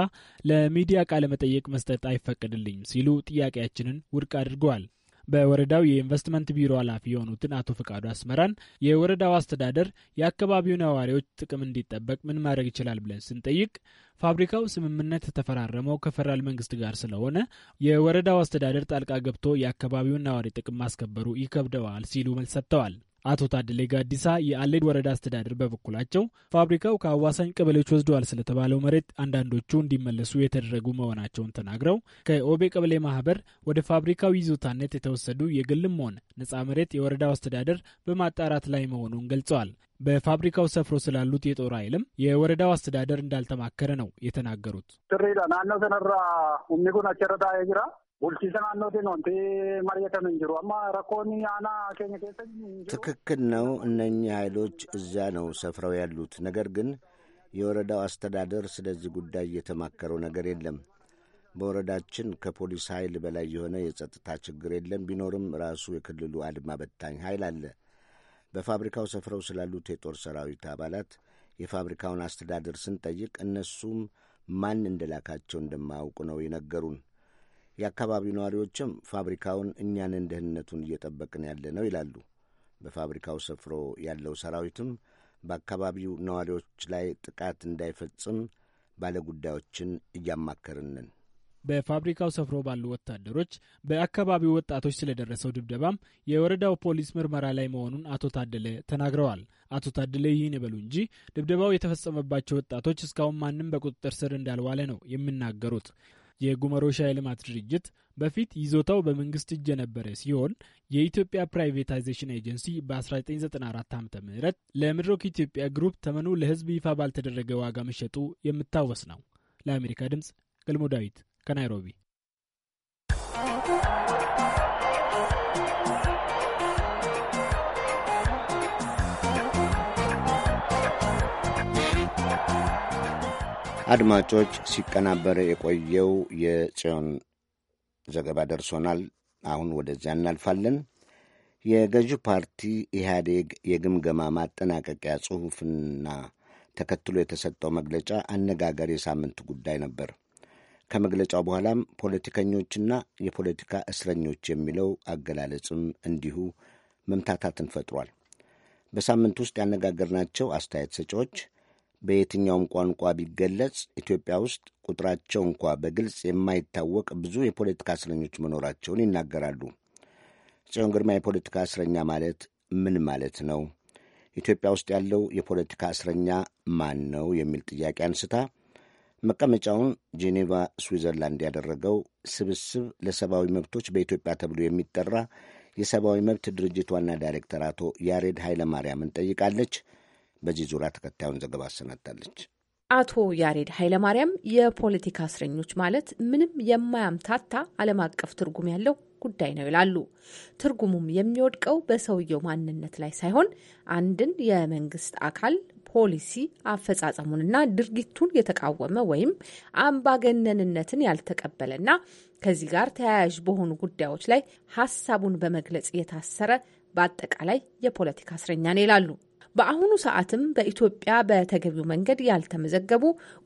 ለሚዲያ ቃለ መጠየቅ መስጠት አይፈቀድልኝም ሲሉ ጥያቄያችንን ውድቅ አድርገዋል። በወረዳው የኢንቨስትመንት ቢሮ ኃላፊ የሆኑትን አቶ ፍቃዱ አስመራን የወረዳው አስተዳደር የአካባቢው ነዋሪዎች ጥቅም እንዲጠበቅ ምን ማድረግ ይችላል ብለን ስንጠይቅ ፋብሪካው ስምምነት የተፈራረመው ከፌደራል መንግስት ጋር ስለሆነ የወረዳው አስተዳደር ጣልቃ ገብቶ የአካባቢውን ነዋሪ ጥቅም ማስከበሩ ይከብደዋል ሲሉ መልስ ሰጥተዋል። አቶ ታደሌ ጋዲሳ የአሌድ ወረዳ አስተዳደር በበኩላቸው ፋብሪካው ከአዋሳኝ ቀበሌዎች ወስደዋል ስለተባለው መሬት አንዳንዶቹ እንዲመለሱ የተደረጉ መሆናቸውን ተናግረው ከኦቤ ቀበሌ ማህበር ወደ ፋብሪካው ይዞታነት የተወሰዱ የግልም ሆነ ነፃ መሬት የወረዳው አስተዳደር በማጣራት ላይ መሆኑን ገልጸዋል። በፋብሪካው ሰፍሮ ስላሉት የጦር ኃይልም የወረዳው አስተዳደር እንዳልተማከረ ነው የተናገሩት። ትክክል ነው። እነኚህ ኃይሎች እዚያ ነው ሰፍረው ያሉት። ነገር ግን የወረዳው አስተዳደር ስለዚህ ጉዳይ እየተማከረው ነገር የለም። በወረዳችን ከፖሊስ ኃይል በላይ የሆነ የጸጥታ ችግር የለም። ቢኖርም ራሱ የክልሉ አድማ በታኝ ኃይል አለ። በፋብሪካው ሰፍረው ስላሉት የጦር ሰራዊት አባላት የፋብሪካውን አስተዳደር ስንጠይቅ እነሱም ማን እንደላካቸው እንደማያውቁ ነው የነገሩን። የአካባቢው ነዋሪዎችም ፋብሪካውን እኛንን ደህንነቱን እየጠበቅን ያለ ነው ይላሉ። በፋብሪካው ሰፍሮ ያለው ሰራዊትም በአካባቢው ነዋሪዎች ላይ ጥቃት እንዳይፈጽም ባለጉዳዮችን እያማከርንን በፋብሪካው ሰፍሮ ባሉ ወታደሮች በአካባቢው ወጣቶች ስለደረሰው ድብደባም የወረዳው ፖሊስ ምርመራ ላይ መሆኑን አቶ ታደለ ተናግረዋል። አቶ ታደለ ይህን ይበሉ እንጂ ድብደባው የተፈጸመባቸው ወጣቶች እስካሁን ማንም በቁጥጥር ስር እንዳልዋለ ነው የሚናገሩት። የጉመሮሻ የልማት ድርጅት በፊት ይዞታው በመንግስት እጅ የነበረ ሲሆን የኢትዮጵያ ፕራይቬታይዜሽን ኤጀንሲ በ1994 ዓ ም ለምድሮክ ኢትዮጵያ ግሩፕ ተመኑ ለህዝብ ይፋ ባልተደረገ ዋጋ መሸጡ የምታወስ ነው። ለአሜሪካ ድምፅ ገልሞ ዳዊት ከናይሮቢ አድማጮች፣ ሲቀናበር የቆየው የጽዮን ዘገባ ደርሶናል። አሁን ወደዚያ እናልፋለን። የገዢው ፓርቲ ኢህአዴግ የግምገማ ማጠናቀቂያ ጽሑፍና ተከትሎ የተሰጠው መግለጫ አነጋገር የሳምንት ጉዳይ ነበር። ከመግለጫው በኋላም ፖለቲከኞችና የፖለቲካ እስረኞች የሚለው አገላለጽም እንዲሁ መምታታትን ፈጥሯል። በሳምንት ውስጥ ያነጋገርናቸው አስተያየት ሰጪዎች በየትኛውም ቋንቋ ቢገለጽ ኢትዮጵያ ውስጥ ቁጥራቸው እንኳ በግልጽ የማይታወቅ ብዙ የፖለቲካ እስረኞች መኖራቸውን ይናገራሉ። ጽዮን ግርማ የፖለቲካ እስረኛ ማለት ምን ማለት ነው? ኢትዮጵያ ውስጥ ያለው የፖለቲካ እስረኛ ማን ነው? የሚል ጥያቄ አንስታ መቀመጫውን ጄኔቫ ስዊዘርላንድ ያደረገው ስብስብ ለሰብአዊ መብቶች በኢትዮጵያ ተብሎ የሚጠራ የሰብአዊ መብት ድርጅት ዋና ዳይሬክተር አቶ ያሬድ ኃይለማርያምን ጠይቃለች። በዚህ ዙሪያ ተከታዩን ዘገባ አሰናድታለች። አቶ ያሬድ ኃይለማርያም የፖለቲካ እስረኞች ማለት ምንም የማያምታታ ዓለም አቀፍ ትርጉም ያለው ጉዳይ ነው ይላሉ። ትርጉሙም የሚወድቀው በሰውየው ማንነት ላይ ሳይሆን አንድን የመንግስት አካል ፖሊሲ አፈጻጸሙንና ድርጊቱን የተቃወመ ወይም አምባገነንነትን ያልተቀበለና ከዚህ ጋር ተያያዥ በሆኑ ጉዳዮች ላይ ሀሳቡን በመግለጽ የታሰረ በአጠቃላይ የፖለቲካ እስረኛ ነው ይላሉ። በአሁኑ ሰዓትም በኢትዮጵያ በተገቢው መንገድ ያልተመዘገቡ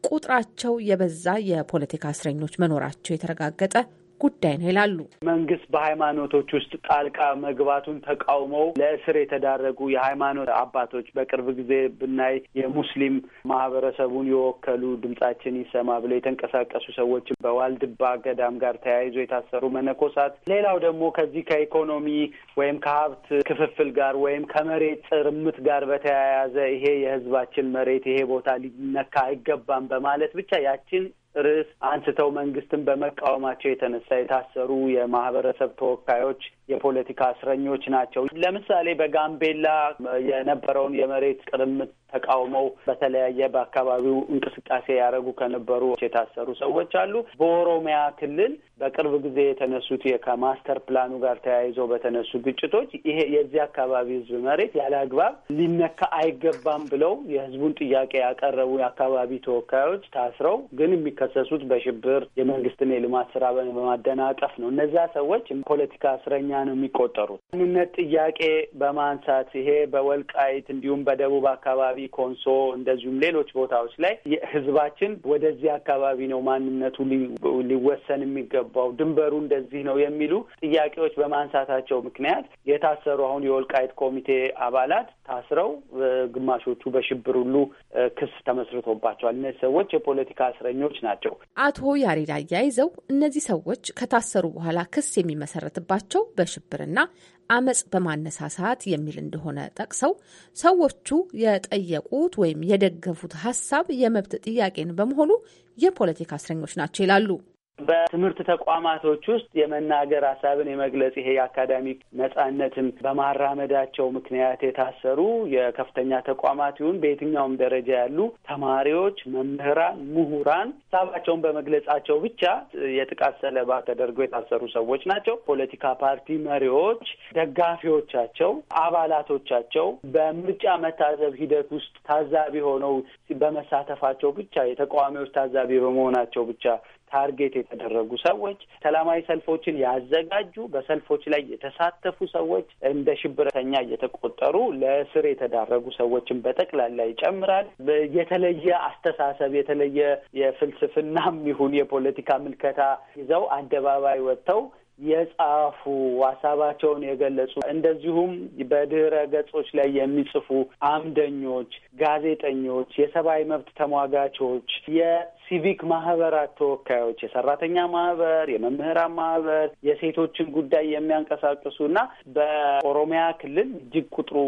ቁጥራቸው የበዛ የፖለቲካ እስረኞች መኖራቸው የተረጋገጠ ጉዳይ ነው ይላሉ። መንግስት በሃይማኖቶች ውስጥ ጣልቃ መግባቱን ተቃውመው ለእስር የተዳረጉ የሃይማኖት አባቶች በቅርብ ጊዜ ብናይ የሙስሊም ማህበረሰቡን የወከሉ ድምጻችን ይሰማ ብለው የተንቀሳቀሱ ሰዎች በዋልድባ ገዳም ጋር ተያይዞ የታሰሩ መነኮሳት፣ ሌላው ደግሞ ከዚህ ከኢኮኖሚ ወይም ከሀብት ክፍፍል ጋር ወይም ከመሬት ጥርምት ጋር በተያያዘ ይሄ የህዝባችን መሬት ይሄ ቦታ ሊነካ አይገባም በማለት ብቻ ያችን ርዕስ አንስተው መንግስትን በመቃወማቸው የተነሳ የታሰሩ የማህበረሰብ ተወካዮች የፖለቲካ እስረኞች ናቸው። ለምሳሌ በጋምቤላ የነበረውን የመሬት ቅርምት ተቃውመው በተለያየ በአካባቢው እንቅስቃሴ ያደረጉ ከነበሩ የታሰሩ ሰዎች አሉ። በኦሮሚያ ክልል በቅርብ ጊዜ የተነሱት ከማስተር ፕላኑ ጋር ተያይዘው በተነሱ ግጭቶች ይሄ የዚህ አካባቢ ህዝብ መሬት ያለ አግባብ ሊነካ አይገባም ብለው የህዝቡን ጥያቄ ያቀረቡ የአካባቢ ተወካዮች ታስረው ግን የሚከሰሱት በሽብር የመንግስትን የልማት ስራ በማደናቀፍ ነው። እነዚያ ሰዎች ፖለቲካ እስረኛ ነው የሚቆጠሩት። ማንነት ጥያቄ በማንሳት ይሄ በወልቃይት እንዲሁም በደቡብ አካባቢ ኮንሶ፣ እንደዚሁም ሌሎች ቦታዎች ላይ ህዝባችን ወደዚህ አካባቢ ነው ማንነቱ ሊወሰን የሚገባው ድንበሩ እንደዚህ ነው የሚሉ ጥያቄዎች በማንሳታቸው ምክንያት የታሰሩ አሁን የወልቃይት ኮሚቴ አባላት ታስረው ግማሾቹ በሽብር ሁሉ ክስ ተመስርቶባቸዋል። እነዚህ ሰዎች የፖለቲካ እስረኞች ናቸው። አቶ ያሬድ አያይዘው እነዚህ ሰዎች ከታሰሩ በኋላ ክስ የሚመሰረትባቸው በሽብርና አመጽ በማነሳሳት የሚል እንደሆነ ጠቅሰው ሰዎቹ የጠየቁት ወይም የደገፉት ሀሳብ የመብት ጥያቄን በመሆኑ የፖለቲካ እስረኞች ናቸው ይላሉ። በትምህርት ተቋማቶች ውስጥ የመናገር ሀሳብን የመግለጽ ይሄ የአካዳሚክ ነጻነትን በማራመዳቸው ምክንያት የታሰሩ የከፍተኛ ተቋማት ይሁን በየትኛውም ደረጃ ያሉ ተማሪዎች፣ መምህራን፣ ምሁራን ሀሳባቸውን በመግለጻቸው ብቻ የጥቃት ሰለባ ተደርገው የታሰሩ ሰዎች ናቸው። ፖለቲካ ፓርቲ መሪዎች፣ ደጋፊዎቻቸው፣ አባላቶቻቸው በምርጫ መታዘብ ሂደት ውስጥ ታዛቢ ሆነው በመሳተፋቸው ብቻ የተቃዋሚዎች ታዛቢ በመሆናቸው ብቻ ታርጌት የተደረጉ ሰዎች፣ ሰላማዊ ሰልፎችን ያዘጋጁ፣ በሰልፎች ላይ የተሳተፉ ሰዎች እንደ ሽብረተኛ እየተቆጠሩ ለእስር የተዳረጉ ሰዎችን በጠቅላላ ይጨምራል። የተለየ አስተሳሰብ የተለየ የፍልስፍናም ይሁን የፖለቲካ ምልከታ ይዘው አደባባይ ወጥተው የጻፉ ሀሳባቸውን የገለጹ እንደዚሁም በድህረ ገጾች ላይ የሚጽፉ አምደኞች፣ ጋዜጠኞች፣ የሰብአዊ መብት ተሟጋቾች፣ ሲቪክ ማህበራት ተወካዮች፣ የሰራተኛ ማህበር፣ የመምህራን ማህበር፣ የሴቶችን ጉዳይ የሚያንቀሳቅሱ እና በኦሮሚያ ክልል እጅግ ቁጥሩ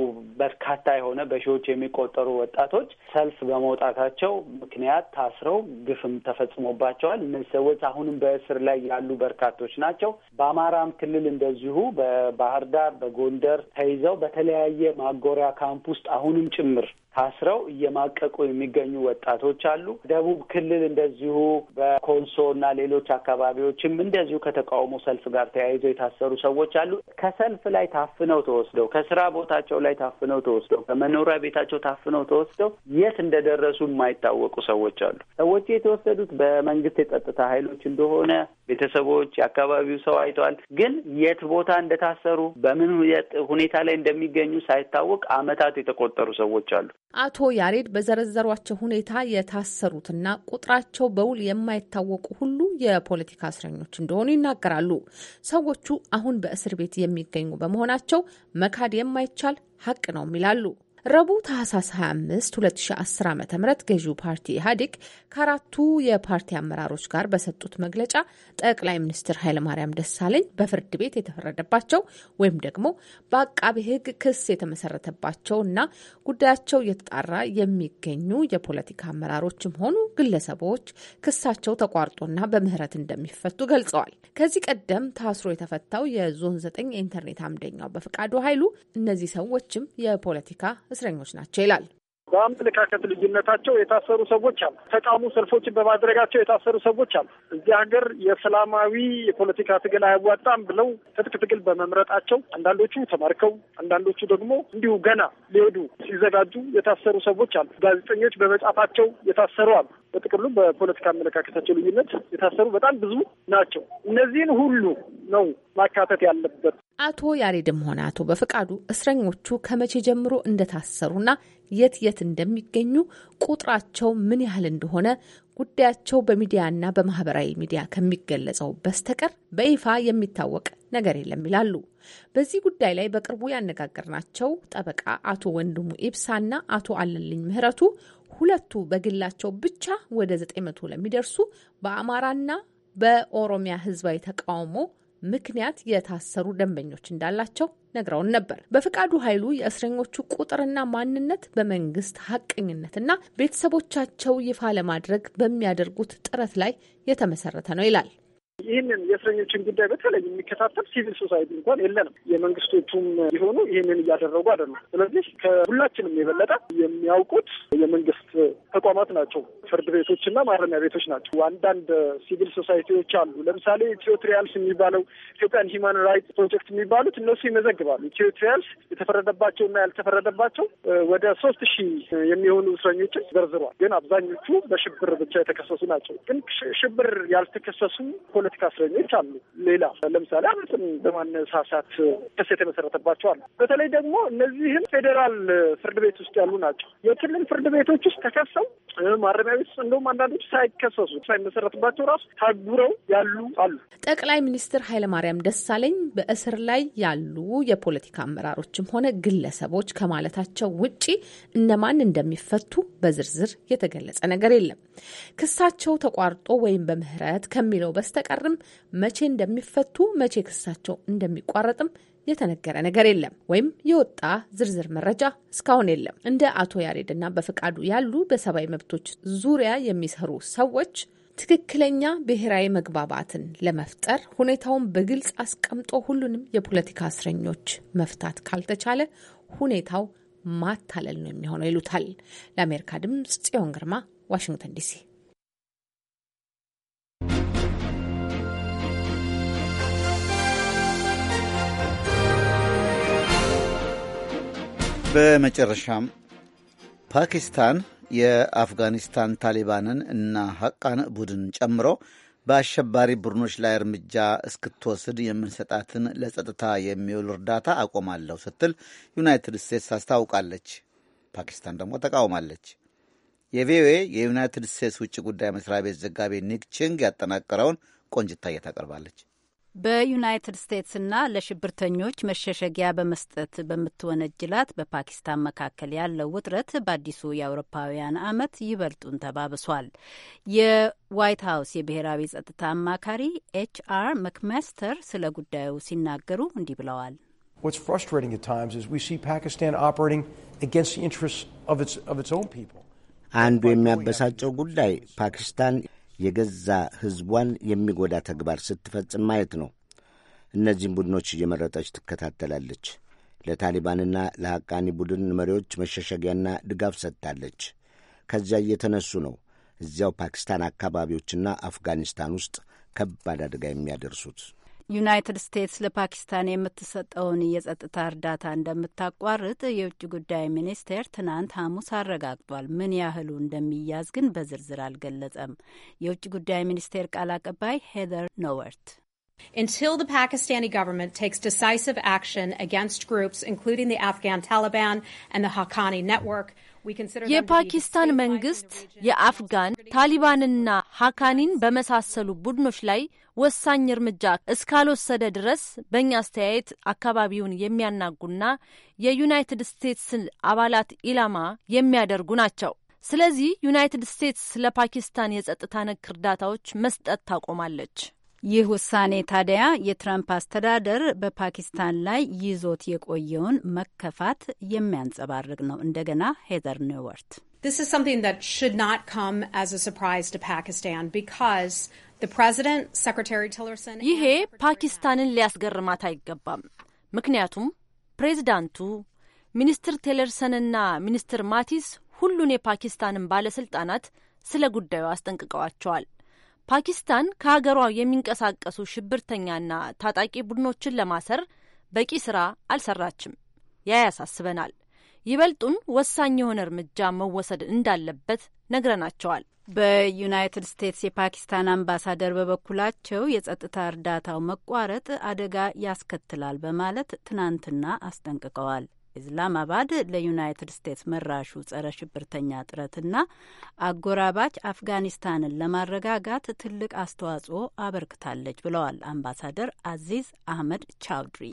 በርካታ የሆነ በሺዎች የሚቆጠሩ ወጣቶች ሰልፍ በመውጣታቸው ምክንያት ታስረው ግፍም ተፈጽሞባቸዋል። እነዚህ ሰዎች አሁንም በእስር ላይ ያሉ በርካቶች ናቸው። በአማራም ክልል እንደዚሁ በባህር ዳር፣ በጎንደር ተይዘው በተለያየ ማጎሪያ ካምፕ ውስጥ አሁንም ጭምር ታስረው እየማቀቁ የሚገኙ ወጣቶች አሉ። ደቡብ ክልል እንደዚሁ በኮንሶ እና ሌሎች አካባቢዎችም እንደዚሁ ከተቃውሞ ሰልፍ ጋር ተያይዘው የታሰሩ ሰዎች አሉ። ከሰልፍ ላይ ታፍነው ተወስደው፣ ከስራ ቦታቸው ላይ ታፍነው ተወስደው፣ ከመኖሪያ ቤታቸው ታፍነው ተወስደው የት እንደደረሱ የማይታወቁ ሰዎች አሉ። ሰዎች የተወሰዱት በመንግስት የጸጥታ ኃይሎች እንደሆነ ቤተሰቦች፣ የአካባቢው ሰው አይተዋል። ግን የት ቦታ እንደታሰሩ በምን ሁኔታ ላይ እንደሚገኙ ሳይታወቅ አመታት የተቆጠሩ ሰዎች አሉ። አቶ ያሬድ በዘረዘሯቸው ሁኔታ የታሰሩትና ቁጥራቸው በውል የማይታወቁ ሁሉ የፖለቲካ እስረኞች እንደሆኑ ይናገራሉ። ሰዎቹ አሁን በእስር ቤት የሚገኙ በመሆናቸው መካድ የማይቻል ሀቅ ነውም ይላሉ። ረቡዕ ታህሳስ 25 2010 ዓ ም ገዢው ፓርቲ ኢህአዴግ ከአራቱ የፓርቲ አመራሮች ጋር በሰጡት መግለጫ ጠቅላይ ሚኒስትር ኃይለማርያም ደሳለኝ በፍርድ ቤት የተፈረደባቸው ወይም ደግሞ በአቃቢ ሕግ ክስ የተመሰረተባቸው እና ጉዳያቸው እየተጣራ የሚገኙ የፖለቲካ አመራሮችም ሆኑ ግለሰቦች ክሳቸው ተቋርጦና በምህረት እንደሚፈቱ ገልጸዋል። ከዚህ ቀደም ታስሮ የተፈታው የዞን 9 የኢንተርኔት አምደኛው በፈቃዱ ኃይሉ እነዚህ ሰዎችም የፖለቲካ እስረኞች ናቸው ይላል። በአመለካከት ልዩነታቸው የታሰሩ ሰዎች አሉ። ተቃውሞ ሰልፎችን በማድረጋቸው የታሰሩ ሰዎች አሉ። እዚህ ሀገር የሰላማዊ የፖለቲካ ትግል አያዋጣም ብለው ትጥቅ ትግል በመምረጣቸው አንዳንዶቹ ተማርከው፣ አንዳንዶቹ ደግሞ እንዲሁ ገና ሊሄዱ ሲዘጋጁ የታሰሩ ሰዎች አሉ። ጋዜጠኞች በመጻፋቸው የታሰሩ አሉ። በጥቅሉ በፖለቲካ አመለካከታቸው ልዩነት የታሰሩ በጣም ብዙ ናቸው። እነዚህን ሁሉ ነው ማካተት ያለበት። አቶ ያሬድም ሆነ አቶ በፈቃዱ እስረኞቹ ከመቼ ጀምሮ እንደታሰሩና የት የት እንደሚገኙ፣ ቁጥራቸው ምን ያህል እንደሆነ ጉዳያቸው በሚዲያና በማህበራዊ ሚዲያ ከሚገለጸው በስተቀር በይፋ የሚታወቅ ነገር የለም ይላሉ። በዚህ ጉዳይ ላይ በቅርቡ ያነጋገርናቸው ጠበቃ አቶ ወንድሙ ኢብሳና አቶ አለልኝ ምህረቱ ሁለቱ በግላቸው ብቻ ወደ ዘጠኝ መቶ ለሚደርሱ በአማራና በኦሮሚያ ህዝባዊ ተቃውሞ ምክንያት የታሰሩ ደንበኞች እንዳላቸው ነግረውን ነበር። በፍቃዱ ኃይሉ የእስረኞቹ ቁጥርና ማንነት በመንግስት ሀቀኝነትና ቤተሰቦቻቸው ይፋ ለማድረግ በሚያደርጉት ጥረት ላይ የተመሰረተ ነው ይላል። ይህንን የእስረኞችን ጉዳይ በተለይ የሚከታተል ሲቪል ሶሳይቲ እንኳን የለንም። የመንግስቶቹም የሆኑ ይህንን እያደረጉ አይደለም። ስለዚህ ከሁላችንም የበለጠ የሚያውቁት የመንግስት ተቋማት ናቸው፣ ፍርድ ቤቶች እና ማረሚያ ቤቶች ናቸው። አንዳንድ ሲቪል ሶሳይቲዎች አሉ። ለምሳሌ ኢትዮትሪያልስ የሚባለው ኢትዮጵያን ሂማን ራይትስ ፕሮጀክት የሚባሉት እነሱ ይመዘግባሉ። ኢትዮትሪያልስ የተፈረደባቸው እና ያልተፈረደባቸው ወደ ሶስት ሺህ የሚሆኑ እስረኞችን ዘርዝሯል። ግን አብዛኞቹ በሽብር ብቻ የተከሰሱ ናቸው። ግን ሽብር ያልተከሰሱ ፖለቲ የፖለቲካ እስረኞች አሉ። ሌላ ለምሳሌ አመፅን በማነሳሳት ክስ የተመሰረተባቸው አሉ። በተለይ ደግሞ እነዚህም ፌዴራል ፍርድ ቤት ውስጥ ያሉ ናቸው። የክልል ፍርድ ቤቶች ውስጥ ተከሰው ማረሚያ ቤት ውስጥ እንደውም አንዳንዶች ሳይከሰሱ ሳይመሰረትባቸው ራሱ ታጉረው ያሉ አሉ። ጠቅላይ ሚኒስትር ኃይለማርያም ደሳለኝ በእስር ላይ ያሉ የፖለቲካ አመራሮችም ሆነ ግለሰቦች ከማለታቸው ውጪ እነማን እንደሚፈቱ በዝርዝር የተገለጸ ነገር የለም። ክሳቸው ተቋርጦ ወይም በምህረት ከሚለው በስተቀር ቢቀርም መቼ እንደሚፈቱ መቼ ክሳቸው እንደሚቋረጥም የተነገረ ነገር የለም ወይም የወጣ ዝርዝር መረጃ እስካሁን የለም። እንደ አቶ ያሬድና በፈቃዱ ያሉ በሰብአዊ መብቶች ዙሪያ የሚሰሩ ሰዎች ትክክለኛ ብሔራዊ መግባባትን ለመፍጠር ሁኔታውን በግልጽ አስቀምጦ ሁሉንም የፖለቲካ እስረኞች መፍታት ካልተቻለ ሁኔታው ማታለል ነው የሚሆነው ይሉታል። ለአሜሪካ ድምፅ ጽዮን ግርማ ዋሽንግተን ዲሲ በመጨረሻም ፓኪስታን የአፍጋኒስታን ታሊባንን እና ሀቃን ቡድን ጨምሮ በአሸባሪ ቡድኖች ላይ እርምጃ እስክትወስድ የምንሰጣትን ለጸጥታ የሚውል እርዳታ አቆማለሁ ስትል ዩናይትድ ስቴትስ አስታውቃለች። ፓኪስታን ደግሞ ተቃውማለች። የቪኦኤ የዩናይትድ ስቴትስ ውጭ ጉዳይ መስሪያ ቤት ዘጋቢ ኒክ ቺንግ ያጠናቀረውን ቆንጅታ ታቀርባለች። በዩናይትድ ስቴትስና ለሽብርተኞች መሸሸጊያ በመስጠት በምትወነጅላት በፓኪስታን መካከል ያለው ውጥረት በአዲሱ የአውሮፓውያን ዓመት ይበልጡን ተባብሷል። የዋይት ሀውስ የብሔራዊ ጸጥታ አማካሪ ኤች አር መክማስተር ስለ ጉዳዩ ሲናገሩ እንዲህ ብለዋል። አንዱ የሚያበሳጨው ጉዳይ ፓኪስታን የገዛ ሕዝቧን የሚጎዳ ተግባር ስትፈጽም ማየት ነው። እነዚህም ቡድኖች እየመረጠች ትከታተላለች። ለታሊባንና ለሐቃኒ ቡድን መሪዎች መሸሸጊያና ድጋፍ ሰጥታለች። ከዚያ እየተነሱ ነው እዚያው ፓኪስታን አካባቢዎችና አፍጋኒስታን ውስጥ ከባድ አደጋ የሚያደርሱት። ዩናይትድ ስቴትስ ለፓኪስታን የምትሰጠውን የጸጥታ እርዳታ እንደምታቋርጥ የውጭ ጉዳይ ሚኒስቴር ትናንት ሐሙስ አረጋግጧል። ምን ያህሉ እንደሚያዝ ግን በዝርዝር አልገለጸም። የውጭ ጉዳይ ሚኒስቴር ቃል አቀባይ ሄዘር ኖወርት Until the Pakistani government takes decisive action against groups including the Afghan Taliban and the Haqqani network, የፓኪስታን መንግስት የአፍጋን ታሊባንና ሀካኒን በመሳሰሉ ቡድኖች ላይ ወሳኝ እርምጃ እስካልወሰደ ድረስ በእኛ አስተያየት አካባቢውን የሚያናጉና የዩናይትድ ስቴትስን አባላት ኢላማ የሚያደርጉ ናቸው። ስለዚህ ዩናይትድ ስቴትስ ለፓኪስታን የጸጥታ ነክ እርዳታዎች መስጠት ታቆማለች። ይህ ውሳኔ ታዲያ የትራምፕ አስተዳደር በፓኪስታን ላይ ይዞት የቆየውን መከፋት የሚያንጸባርቅ ነው። እንደገና ሄዘር ኒውወርት This is something that should not come as a surprise to Pakistan because the president, Secretary Tillerson... ይሄ ፓኪስታንን ሊያስገርማት አይገባም። ምክንያቱም ፕሬዝዳንቱ ሚኒስትር ቴለርሰንና ሚኒስትር ማቲስ ሁሉን የፓኪስታንን ባለስልጣናት ስለ ጉዳዩ አስጠንቅቀዋቸዋል። ፓኪስታን ከሀገሯ የሚንቀሳቀሱ ሽብርተኛና ታጣቂ ቡድኖችን ለማሰር በቂ ስራ አልሰራችም። ያ ያሳስበናል። ይበልጡን ወሳኝ የሆነ እርምጃ መወሰድ እንዳለበት ነግረናቸዋል። በዩናይትድ ስቴትስ የፓኪስታን አምባሳደር በበኩላቸው የጸጥታ እርዳታው መቋረጥ አደጋ ያስከትላል በማለት ትናንትና አስጠንቅቀዋል። ኢስላማባድ ለዩናይትድ ስቴትስ መራሹ ጸረ ሽብርተኛ ጥረትና አጎራባች አፍጋኒስታንን ለማረጋጋት ትልቅ አስተዋጽኦ አበርክታለች ብለዋል አምባሳደር አዚዝ አህመድ ቻውድሪ።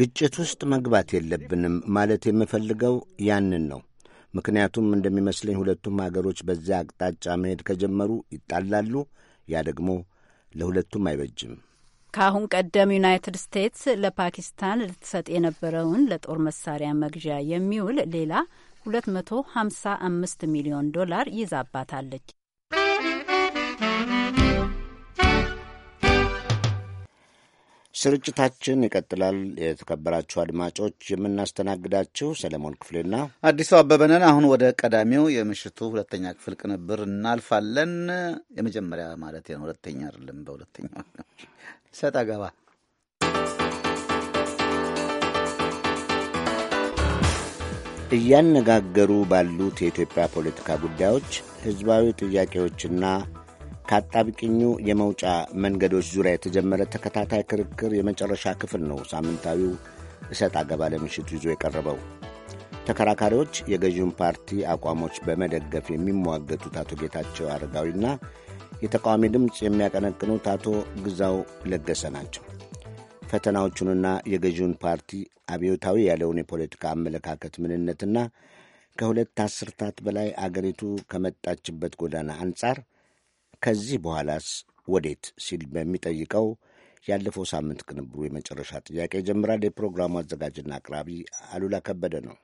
ግጭት ውስጥ መግባት የለብንም ማለት የምፈልገው ያንን ነው። ምክንያቱም እንደሚመስለኝ ሁለቱም ሀገሮች በዚያ አቅጣጫ መሄድ ከጀመሩ ይጣላሉ። ያ ደግሞ ለሁለቱም አይበጅም። ከአሁን ቀደም ዩናይትድ ስቴትስ ለፓኪስታን ልትሰጥ የነበረውን ለጦር መሳሪያ መግዣ የሚውል ሌላ 255 ሚሊዮን ዶላር ይዛባታለች። ስርጭታችን ይቀጥላል። የተከበራችሁ አድማጮች የምናስተናግዳችሁ ሰለሞን ክፍሌና አዲሱ አበበነን። አሁን ወደ ቀዳሚው የምሽቱ ሁለተኛ ክፍል ቅንብር እናልፋለን። የመጀመሪያ ማለት ነው፣ ሁለተኛ አይደለም። በሁለተኛው ሰጥ አገባ እያነጋገሩ ባሉት የኢትዮጵያ ፖለቲካ ጉዳዮች ህዝባዊ ጥያቄዎችና ከአጣብቅኙ የመውጫ መንገዶች ዙሪያ የተጀመረ ተከታታይ ክርክር የመጨረሻ ክፍል ነው። ሳምንታዊው እሰጥ አገባ ለምሽቱ ይዞ የቀረበው ተከራካሪዎች የገዢውን ፓርቲ አቋሞች በመደገፍ የሚሟገቱት አቶ ጌታቸው አረጋዊና የተቃዋሚ ድምፅ የሚያቀነቅኑት አቶ ግዛው ለገሰ ናቸው። ፈተናዎቹንና የገዢውን ፓርቲ አብዮታዊ ያለውን የፖለቲካ አመለካከት ምንነትና ከሁለት አስርታት በላይ አገሪቱ ከመጣችበት ጎዳና አንጻር ከዚህ በኋላስ ወዴት ሲል በሚጠይቀው ያለፈው ሳምንት ቅንብሩ የመጨረሻ ጥያቄ ይጀምራል። የፕሮግራሙ አዘጋጅና አቅራቢ አሉላ ከበደ ነው።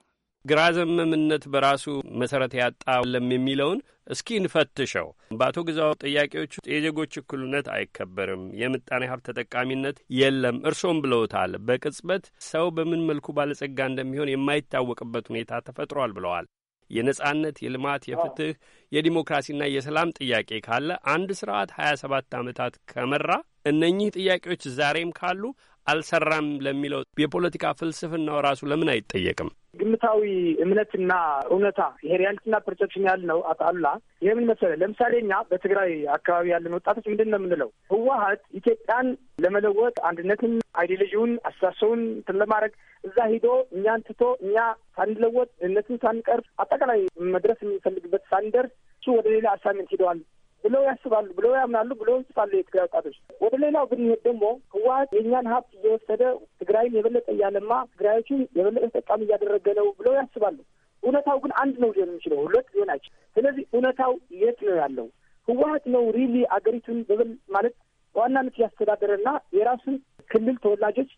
ግራ ዘመምነት በራሱ መሰረት ያጣለም የሚለውን እስኪ እንፈትሸው። በአቶ ግዛው ጥያቄዎች የዜጎች እኩልነት አይከበርም፣ የምጣኔ ሀብት ተጠቃሚነት የለም። እርሶም ብለውታል። በቅጽበት ሰው በምን መልኩ ባለጸጋ እንደሚሆን የማይታወቅበት ሁኔታ ተፈጥሯል ብለዋል። የነጻነት፣ የልማት፣ የፍትህ፣ የዲሞክራሲና የሰላም ጥያቄ ካለ አንድ ስርዓት ሀያ ሰባት ዓመታት ከመራ እነኚህ ጥያቄዎች ዛሬም ካሉ አልሰራም ለሚለው የፖለቲካ ፍልስፍናው ራሱ ለምን አይጠየቅም? ግምታዊ እምነትና እውነታ ይሄ ሪያሊቲና ፐርሰፕሽን ያል ነው አሉላ ይሄ ምን መሰለህ፣ ለምሳሌ እኛ በትግራይ አካባቢ ያለን ወጣቶች ምንድን ነው የምንለው? ህወሀት ኢትዮጵያን ለመለወጥ አንድነትን፣ አይዲዮሎጂውን፣ አስተሳሰቡን እንትን ለማድረግ እዛ ሂዶ እኛን ትቶ እኛ ሳንለወጥ ድህነትን ሳንቀርብ አጠቃላይ መድረስ የሚፈልግበት ሳንደርስ እሱ ወደ ሌላ አሳይመንት ሂደዋል ብለው ያስባሉ፣ ብለው ያምናሉ፣ ብለው ይጽፋሉ የትግራይ ወጣቶች። ወደ ሌላው ብንሄድ ደግሞ ህወሀት የእኛን ሀብት እየወሰደ ትግራይን የበለጠ እያለማ ትግራዮችን የበለጠ ተጠቃሚ እያደረገ ነው ብለው ያስባሉ። እውነታው ግን አንድ ነው ሊሆን የሚችለው ሁለት ሊሆን አይችል። ስለዚህ እውነታው የት ነው ያለው? ህወሀት ነው ሪሊ አገሪቱን በበል ማለት በዋናነት እያስተዳደረና የራሱን ክልል ተወላጆች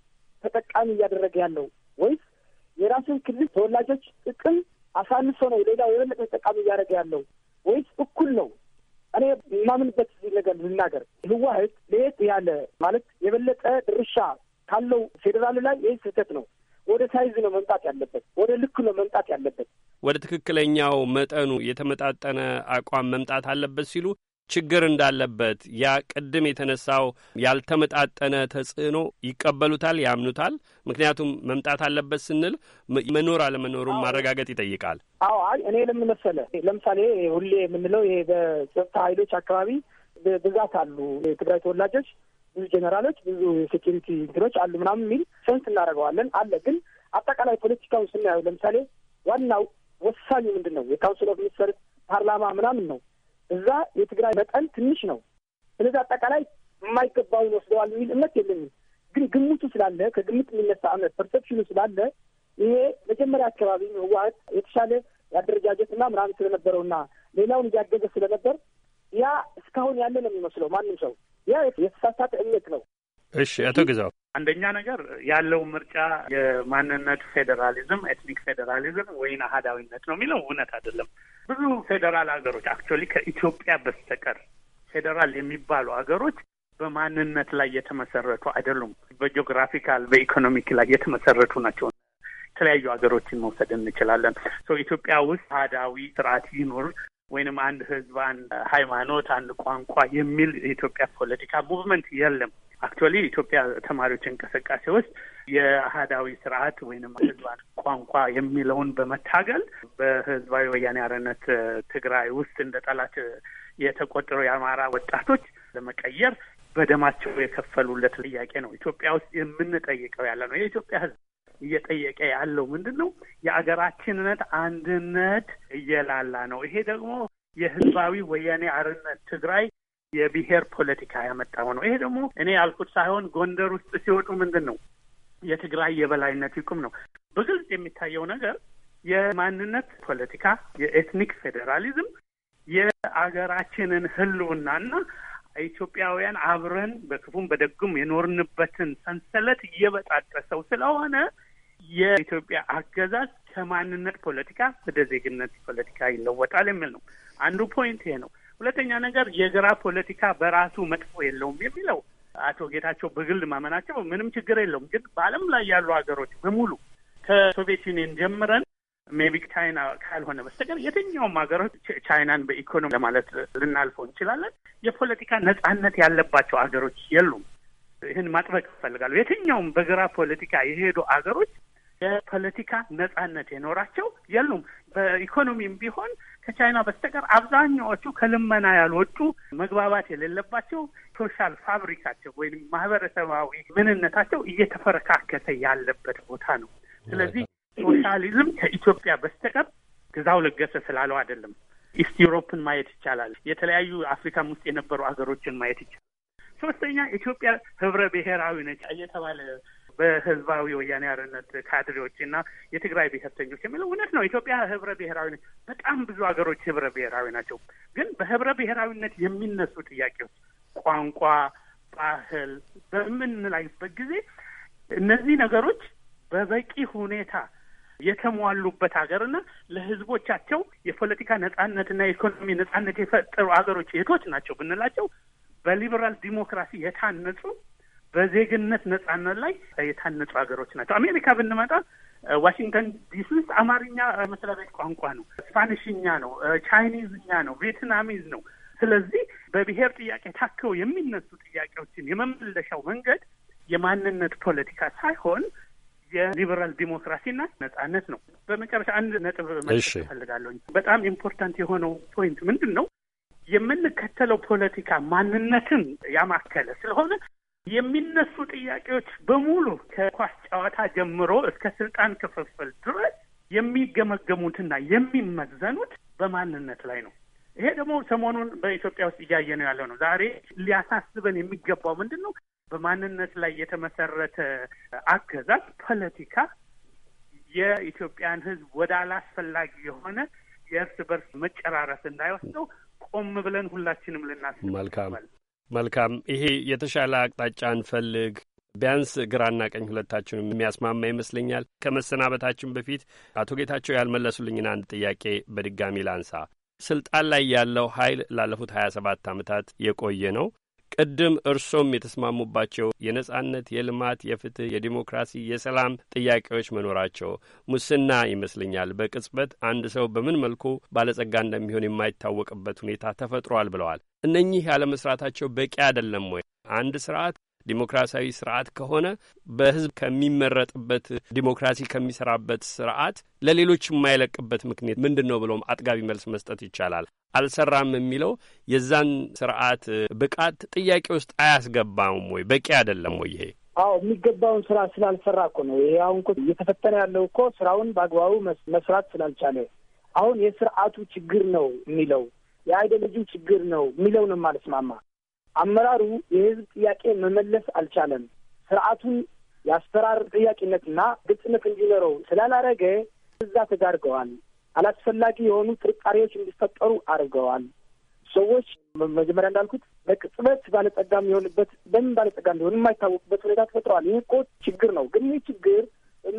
ተጠቃሚ እያደረገ ያለው ወይስ የራሱን ክልል ተወላጆች ጥቅም አሳንሶ ነው ሌላው የበለጠ ተጠቃሚ እያደረገ ያለው ወይስ እኩል ነው? እኔ የማምንበት ነገር ልናገር። ህወሓት ለየት ያለ ማለት የበለጠ ድርሻ ካለው ፌዴራሉ ላይ ይህ ስህተት ነው። ወደ ሳይዝ ነው መምጣት ያለበት፣ ወደ ልክ ነው መምጣት ያለበት፣ ወደ ትክክለኛው መጠኑ የተመጣጠነ አቋም መምጣት አለበት ሲሉ ችግር እንዳለበት ያ ቅድም የተነሳው ያልተመጣጠነ ተጽዕኖ ይቀበሉታል፣ ያምኑታል። ምክንያቱም መምጣት አለበት ስንል መኖር አለመኖሩን ማረጋገጥ ይጠይቃል። አዎ አይ እኔ ለምን ለምሳሌ ሁሌ የምንለው ይሄ በጸጥታ ኃይሎች አካባቢ ብዛት አሉ የትግራይ ተወላጆች ብዙ ጀኔራሎች፣ ብዙ የሴኪሪቲ እንትኖች አሉ ምናምን የሚል ሰንስ እናደርገዋለን አለ። ግን አጠቃላይ ፖለቲካውን ስናየው ለምሳሌ ዋናው ወሳኙ ምንድን ነው? የካውንስል ኦፍ ሚኒስተር ፓርላማ ምናምን ነው። እዛ የትግራይ መጠን ትንሽ ነው። ስለዚህ አጠቃላይ የማይገባውን ወስደዋል የሚል እምነት የለኝም። ግን ግምቱ ስላለ ከግምት የሚነሳ እምነት ፐርሰፕሽኑ ስላለ ይሄ መጀመሪያ አካባቢ ህወሀት የተሻለ የአደረጃጀትና ምናምን ስለነበረውና ሌላውን እያገዘ ስለነበር ያ እስካሁን ያለ ነው የሚመስለው ማንም ሰው ያ የተሳሳተ እምነት ነው። እሺ አቶ ግዛው አንደኛ ነገር ያለው ምርጫ የማንነት ፌዴራሊዝም፣ ኤትኒክ ፌዴራሊዝም ወይን አህዳዊነት ነው የሚለው እውነት አይደለም። ብዙ ፌዴራል ሀገሮች አክቹዋሊ ከኢትዮጵያ በስተቀር ፌዴራል የሚባሉ ሀገሮች በማንነት ላይ የተመሰረቱ አይደሉም። በጂኦግራፊካል በኢኮኖሚክ ላይ የተመሰረቱ ናቸው። የተለያዩ ሀገሮችን መውሰድ እንችላለን። ኢትዮጵያ ውስጥ አህዳዊ ስርዓት ይኑር ወይንም አንድ ህዝብ፣ አንድ ሃይማኖት፣ አንድ ቋንቋ የሚል የኢትዮጵያ ፖለቲካ ሙቭመንት የለም። አክቹዋሊ ኢትዮጵያ ተማሪዎች እንቅስቃሴ ውስጥ የአህዳዊ ስርዓት ወይም ህዝባን ቋንቋ የሚለውን በመታገል በህዝባዊ ወያኔ አርነት ትግራይ ውስጥ እንደ ጠላት የተቆጠሩ የአማራ ወጣቶች ለመቀየር በደማቸው የከፈሉለት ጥያቄ ነው። ኢትዮጵያ ውስጥ የምንጠይቀው ያለ ነው። የኢትዮጵያ ህዝብ እየጠየቀ ያለው ምንድን ነው? የአገራችንነት አንድነት እየላላ ነው። ይሄ ደግሞ የህዝባዊ ወያኔ አርነት ትግራይ የብሔር ፖለቲካ ያመጣው ነው። ይሄ ደግሞ እኔ ያልኩት ሳይሆን ጎንደር ውስጥ ሲወጡ ምንድን ነው የትግራይ የበላይነት ይቁም ነው በግልጽ የሚታየው ነገር የማንነት ፖለቲካ፣ የኤትኒክ ፌዴራሊዝም የአገራችንን ህልውናና ኢትዮጵያውያን አብረን በክፉም በደጉም የኖርንበትን ሰንሰለት እየበጣጠሰው ስለሆነ የኢትዮጵያ አገዛዝ ከማንነት ፖለቲካ ወደ ዜግነት ፖለቲካ ይለወጣል የሚል ነው። አንዱ ፖይንት ይሄ ነው። ሁለተኛ ነገር የግራ ፖለቲካ በራሱ መጥፎ የለውም የሚለው አቶ ጌታቸው በግል ማመናቸው ምንም ችግር የለውም። ግን በዓለም ላይ ያሉ ሀገሮች በሙሉ ከሶቪየት ዩኒየን ጀምረን ሜቢ ቻይና ካልሆነ በስተቀር የትኛውም ሀገሮች ቻይናን በኢኮኖሚ ለማለት ልናልፈው እንችላለን። የፖለቲካ ነጻነት ያለባቸው ሀገሮች የሉም። ይህን ማጥበቅ ይፈልጋሉ። የትኛውም በግራ ፖለቲካ የሄዱ ሀገሮች የፖለቲካ ነጻነት የኖራቸው የሉም። በኢኮኖሚም ቢሆን ከቻይና በስተቀር አብዛኛዎቹ ከልመና ያልወጡ መግባባት የሌለባቸው ሶሻል ፋብሪካቸው ወይም ማህበረሰባዊ ምንነታቸው እየተፈረካከተ ያለበት ቦታ ነው። ስለዚህ ሶሻሊዝም ከኢትዮጵያ በስተቀር ግዛው ለገሰ ስላለው አይደለም። ኢስት ዩሮፕን ማየት ይቻላል። የተለያዩ አፍሪካም ውስጥ የነበሩ ሀገሮችን ማየት ይቻላል። ሶስተኛ ኢትዮጵያ ህብረ ብሔራዊ ነች እየተባለ በህዝባዊ ወያኔ ሓርነት ካድሬዎች እና የትግራይ ብሔርተኞች የሚለው እውነት ነው። ኢትዮጵያ ህብረ ብሔራዊ ነች። በጣም ብዙ ሀገሮች ህብረ ብሔራዊ ናቸው። ግን በህብረ ብሔራዊነት የሚነሱ ጥያቄዎች ቋንቋ፣ ባህል በምንላይበት ጊዜ እነዚህ ነገሮች በበቂ ሁኔታ የተሟሉበት ሀገርና ለህዝቦቻቸው የፖለቲካ ነጻነትና የኢኮኖሚ ነጻነት የፈጠሩ ሀገሮች የቶች ናቸው ብንላቸው በሊበራል ዲሞክራሲ የታነጹ በዜግነት ነጻነት ላይ የታነጹ ሀገሮች ናቸው። አሜሪካ ብንመጣ ዋሽንግተን ዲሲ ውስጥ አማርኛ መስሪያ ቤት ቋንቋ ነው፣ ስፓኒሽኛ ነው፣ ቻይኒዝኛ ነው፣ ቪየትናሚዝ ነው። ስለዚህ በብሔር ጥያቄ ታከው የሚነሱ ጥያቄዎችን የመመለሻው መንገድ የማንነት ፖለቲካ ሳይሆን የሊበራል ዲሞክራሲና ነጻነት ነው። በመጨረሻ አንድ ነጥብ መለስ እፈልጋለሁ። በጣም ኢምፖርታንት የሆነው ፖይንት ምንድን ነው? የምንከተለው ፖለቲካ ማንነትን ያማከለ ስለሆነ የሚነሱ ጥያቄዎች በሙሉ ከኳስ ጨዋታ ጀምሮ እስከ ስልጣን ክፍፍል ድረስ የሚገመገሙትና የሚመዘኑት በማንነት ላይ ነው። ይሄ ደግሞ ሰሞኑን በኢትዮጵያ ውስጥ እያየ ነው ያለው ነው። ዛሬ ሊያሳስበን የሚገባው ምንድን ነው? በማንነት ላይ የተመሰረተ አገዛዝ ፖለቲካ የኢትዮጵያን ሕዝብ ወደ አላስፈላጊ የሆነ የእርስ በርስ መጨራረስ እንዳይወስደው ቆም ብለን ሁላችንም ልናስብ። መልካም መልካም። ይሄ የተሻለ አቅጣጫ እንፈልግ ቢያንስ ግራና ቀኝ ሁለታችን የሚያስማማ ይመስለኛል። ከመሰናበታችን በፊት አቶ ጌታቸው ያልመለሱልኝን አንድ ጥያቄ በድጋሚ ላንሳ። ስልጣን ላይ ያለው ኃይል ላለፉት ሀያ ሰባት ዓመታት የቆየ ነው። ቅድም እርሶም የተስማሙባቸው የነጻነት፣ የልማት፣ የፍትህ፣ የዲሞክራሲ፣ የሰላም ጥያቄዎች መኖራቸው ሙስና ይመስለኛል በቅጽበት አንድ ሰው በምን መልኩ ባለጸጋ እንደሚሆን የማይታወቅበት ሁኔታ ተፈጥሯል ብለዋል። እነኚህ ያለመስራታቸው በቂ አይደለም ወይ? አንድ ስርዓት ዲሞክራሲያዊ ስርዓት ከሆነ በህዝብ ከሚመረጥበት ዲሞክራሲ ከሚሰራበት ስርዓት ለሌሎች የማይለቅበት ምክንያት ምንድን ነው ብሎም አጥጋቢ መልስ መስጠት ይቻላል። አልሰራም የሚለው የዛን ስርዓት ብቃት ጥያቄ ውስጥ አያስገባም ወይ? በቂ አይደለም ወይ ይሄ? አዎ የሚገባውን ስራ ስላልሰራ እኮ ነው። ይሄ አሁን እኮ እየተፈተነ ያለው እኮ ስራውን በአግባቡ መስራት ስላልቻለ አሁን የስርዓቱ ችግር ነው የሚለው የአይዲዮሎጂው ችግር ነው የሚለው ነው የማልስማማ። አመራሩ የህዝብ ጥያቄ መመለስ አልቻለም። ስርዓቱን የአሰራር ጥያቄነትና ግልጽነት እንዲኖረው ስላላረገ እዛ ተዳርገዋል። አላስፈላጊ የሆኑ ጥርጣሬዎች እንዲፈጠሩ አድርገዋል። ሰዎች መጀመሪያ እንዳልኩት በቅጽበት ባለጸጋ የሚሆንበት በምን ባለጸጋ እንዲሆን የማይታወቅበት ሁኔታ ተፈጥረዋል። ይህ እኮ ችግር ነው። ግን ይህ ችግር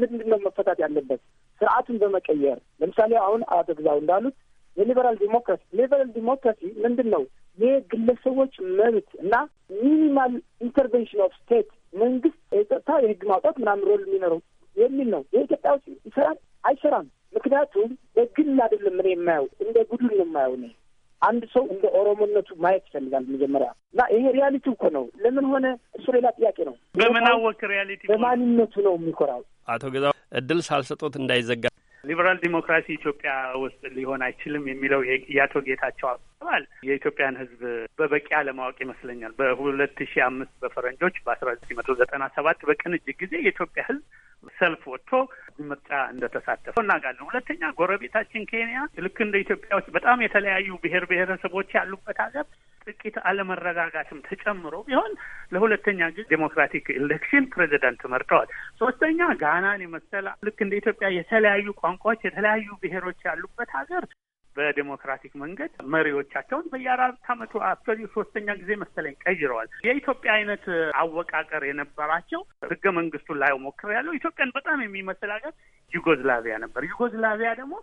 ምንድን ነው መፈታት ያለበት? ስርዓቱን በመቀየር ለምሳሌ አሁን አቶ ግዛው እንዳሉት የሊበራል ዲሞክራሲ ሊበራል ዲሞክራሲ ምንድን ነው? የግለሰቦች መብት እና ሚኒማል ኢንተርቬንሽን ኦፍ ስቴት መንግስት የጸጥታ የህግ ማውጣት ምናምን ሮል የሚኖረው የሚል ነው። የኢትዮጵያ ውስጥ ይሰራል አይሰራም? ምክንያቱም በግል አይደለም እኔ የማየው እንደ ቡድን ነው የማየው እኔ አንድ ሰው እንደ ኦሮሞነቱ ማየት ይፈልጋል መጀመሪያ እና ይሄ ሪያሊቲ እኮ ነው። ለምን ሆነ እሱ ሌላ ጥያቄ ነው። በምን ሪያሊቲ በማንነቱ ነው የሚኮራው። አቶ ገዛው እድል ሳልሰጦት እንዳይዘጋ ሊበራል ዲሞክራሲ ኢትዮጵያ ውስጥ ሊሆን አይችልም የሚለው የአቶ ጌታቸው አባል የኢትዮጵያን ሕዝብ በበቂ አለማወቅ ይመስለኛል። በሁለት ሺ አምስት በፈረንጆች በአስራ ዘጠኝ መቶ ዘጠና ሰባት በቅንጅት ጊዜ የኢትዮጵያ ሕዝብ ሰልፍ ወጥቶ ምርጫ እንደተሳተፈ እናውቃለን። ሁለተኛ ጎረቤታችን ኬንያ ልክ እንደ ኢትዮጵያዎች በጣም የተለያዩ ብሔር ብሔረሰቦች ያሉበት ሀገር ጥቂት አለመረጋጋትም ተጨምሮ ቢሆን ለሁለተኛ ጊዜ ዴሞክራቲክ ኤሌክሽን ፕሬዚዳንት መርጠዋል። ሶስተኛ ጋናን የመሰለ ልክ እንደ ኢትዮጵያ የተለያዩ ቋንቋዎች፣ የተለያዩ ብሔሮች ያሉበት ሀገር በዴሞክራቲክ መንገድ መሪዎቻቸውን በየአራት አመቱ አስሪ ሶስተኛ ጊዜ መሰለኝ ቀይረዋል። የኢትዮጵያ አይነት አወቃቀር የነበራቸው ህገ መንግስቱን ላይ ሞክር ያለው ኢትዮጵያን በጣም የሚመስል ሀገር ዩጎዝላቪያ ነበር። ዩጎዝላቪያ ደግሞ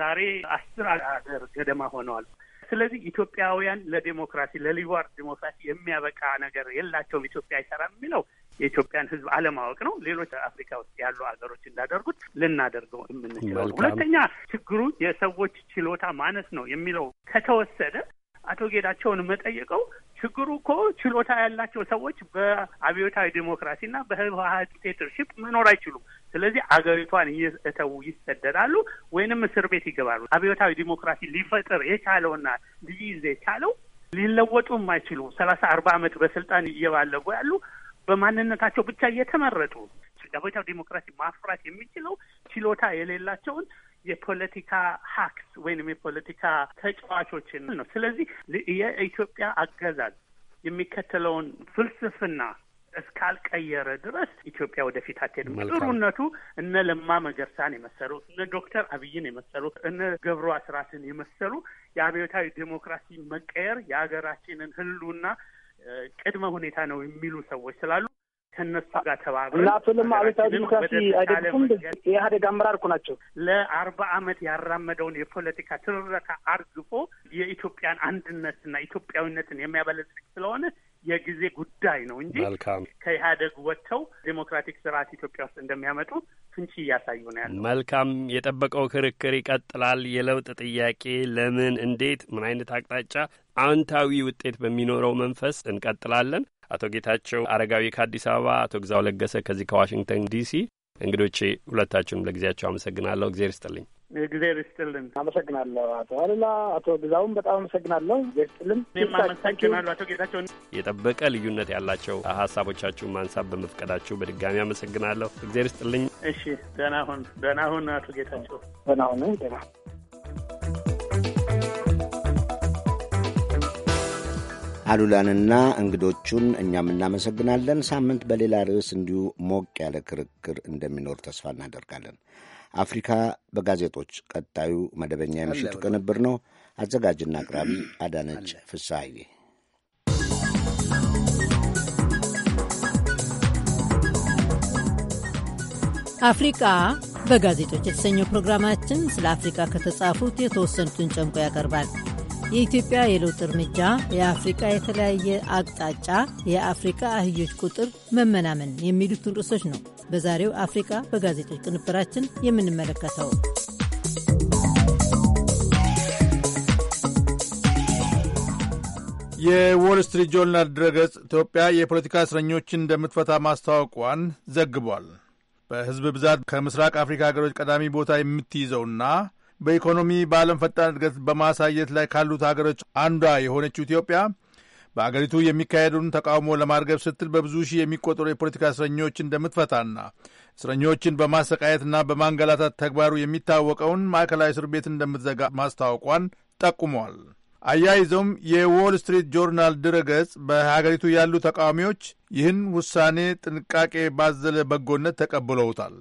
ዛሬ አስር ሀገር ገደማ ሆነዋል። ስለዚህ ኢትዮጵያውያን ለዴሞክራሲ ለሊዋርድ ዴሞክራሲ የሚያበቃ ነገር የላቸውም። ኢትዮጵያ አይሰራም የሚለው የኢትዮጵያን ህዝብ አለማወቅ ነው። ሌሎች አፍሪካ ውስጥ ያሉ ሀገሮች እንዳደርጉት ልናደርገው የምንችለው። ሁለተኛ ችግሩ የሰዎች ችሎታ ማነስ ነው የሚለው ከተወሰደ አቶ ጌዳቸውን መጠየቀው ችግሩ እኮ ችሎታ ያላቸው ሰዎች በአብዮታዊ ዲሞክራሲ ዴሞክራሲና በህወሀት ዲክቴተርሺፕ መኖር አይችሉም። ስለዚህ አገሪቷን እተው ይሰደዳሉ ወይንም እስር ቤት ይገባሉ። አብዮታዊ ዲሞክራሲ ሊፈጥር የቻለውና ሊይዝ የቻለው ሊለወጡ የማይችሉ ሰላሳ አርባ አመት በስልጣን እየባለጉ ያሉ በማንነታቸው ብቻ እየተመረጡ ለቦታው ዲሞክራሲ ማፍራት የሚችለው ችሎታ የሌላቸውን የፖለቲካ ሀክስ ወይንም የፖለቲካ ተጫዋቾችን ነው። ስለዚህ የኢትዮጵያ አገዛዝ የሚከተለውን ፍልስፍና እስካልቀየረ ድረስ ኢትዮጵያ ወደፊት አትሄድም። ጥሩነቱ እነ ለማ መገርሳን የመሰሉ እነ ዶክተር አብይን የመሰሉ እነ ገብሩ አስራትን የመሰሉ የአብዮታዊ ዴሞክራሲ መቀየር የሀገራችንን ህሉና ቅድመ ሁኔታ ነው የሚሉ ሰዎች ስላሉ ከነሱ ጋር ተባብረን እና ፍልም አቤታዊ ዲሞክራሲ አይደለም የኢህአዴግ አመራር እኮ ናቸው። ለአርባ አመት ያራመደውን የፖለቲካ ትረካ አርግፎ የኢትዮጵያን አንድነትና ኢትዮጵያዊነትን የሚያበለጽግ ስለሆነ የጊዜ ጉዳይ ነው እንጂ ከኢህአዴግ ወጥተው ዴሞክራቲክ ስርዓት ኢትዮጵያ ውስጥ እንደሚያመጡ ፍንጭ እያሳዩ ነው ያለው። መልካም። የጠበቀው ክርክር ይቀጥላል። የለውጥ ጥያቄ ለምን፣ እንዴት፣ ምን አይነት አቅጣጫ፣ አዎንታዊ ውጤት በሚኖረው መንፈስ እንቀጥላለን። አቶ ጌታቸው አረጋዊ ከአዲስ አበባ፣ አቶ ግዛው ለገሰ ከዚህ ከዋሽንግተን ዲሲ እንግዶቼ ሁለታችሁንም ለጊዜያቸው አመሰግናለሁ። እግዜር ይስጥልኝ። እግዜር ይስጥልን። አመሰግናለሁ አቶ አሉላ፣ አቶ ግዛውን በጣም አመሰግናለሁ። እግዜር ይስጥልን። እኔም አመሰግናለሁ አቶ ጌታቸውን። የጠበቀ ልዩነት ያላቸው ሀሳቦቻችሁን ማንሳት በመፍቀዳችሁ በድጋሚ አመሰግናለሁ። እግዜር ይስጥልኝ። እሺ፣ ደህና ሁን። ደህና ሁን አቶ ጌታቸው። ደህና ሁን። ደህና አሉላንና እንግዶቹን እኛም እናመሰግናለን። ሳምንት በሌላ ርዕስ እንዲሁ ሞቅ ያለ ክርክር እንደሚኖር ተስፋ እናደርጋለን። አፍሪካ በጋዜጦች ቀጣዩ መደበኛ የምሽቱ ቅንብር ነው። አዘጋጅና አቅራቢ አዳነች ፍሳሐዬ። አፍሪቃ በጋዜጦች የተሰኘው ፕሮግራማችን ስለ አፍሪካ ከተጻፉት የተወሰኑትን ጨምቆ ያቀርባል። የኢትዮጵያ የለውጥ እርምጃ፣ የአፍሪቃ የተለያየ አቅጣጫ፣ የአፍሪቃ አህዮች ቁጥር መመናመን የሚሉትን ርዕሶች ነው በዛሬው አፍሪቃ በጋዜጦች ቅንብራችን የምንመለከተው። የዎል ስትሪት ጆርናል ድረገጽ ኢትዮጵያ የፖለቲካ እስረኞችን እንደምትፈታ ማስታወቋን ዘግቧል። በሕዝብ ብዛት ከምስራቅ አፍሪካ ሀገሮች ቀዳሚ ቦታ የምትይዘውና በኢኮኖሚ በዓለም ፈጣን እድገት በማሳየት ላይ ካሉት ሀገሮች አንዷ የሆነችው ኢትዮጵያ በአገሪቱ የሚካሄዱን ተቃውሞ ለማርገብ ስትል በብዙ ሺህ የሚቆጠሩ የፖለቲካ እስረኞች እንደምትፈታና እስረኞችን በማሰቃየትና በማንገላታት ተግባሩ የሚታወቀውን ማዕከላዊ እስር ቤት እንደምትዘጋ ማስታወቋን ጠቁሟል። አያይዘውም የዎል ስትሪት ጆርናል ድረገጽ በሀገሪቱ ያሉ ተቃዋሚዎች ይህን ውሳኔ ጥንቃቄ ባዘለ በጎነት ተቀብለውታል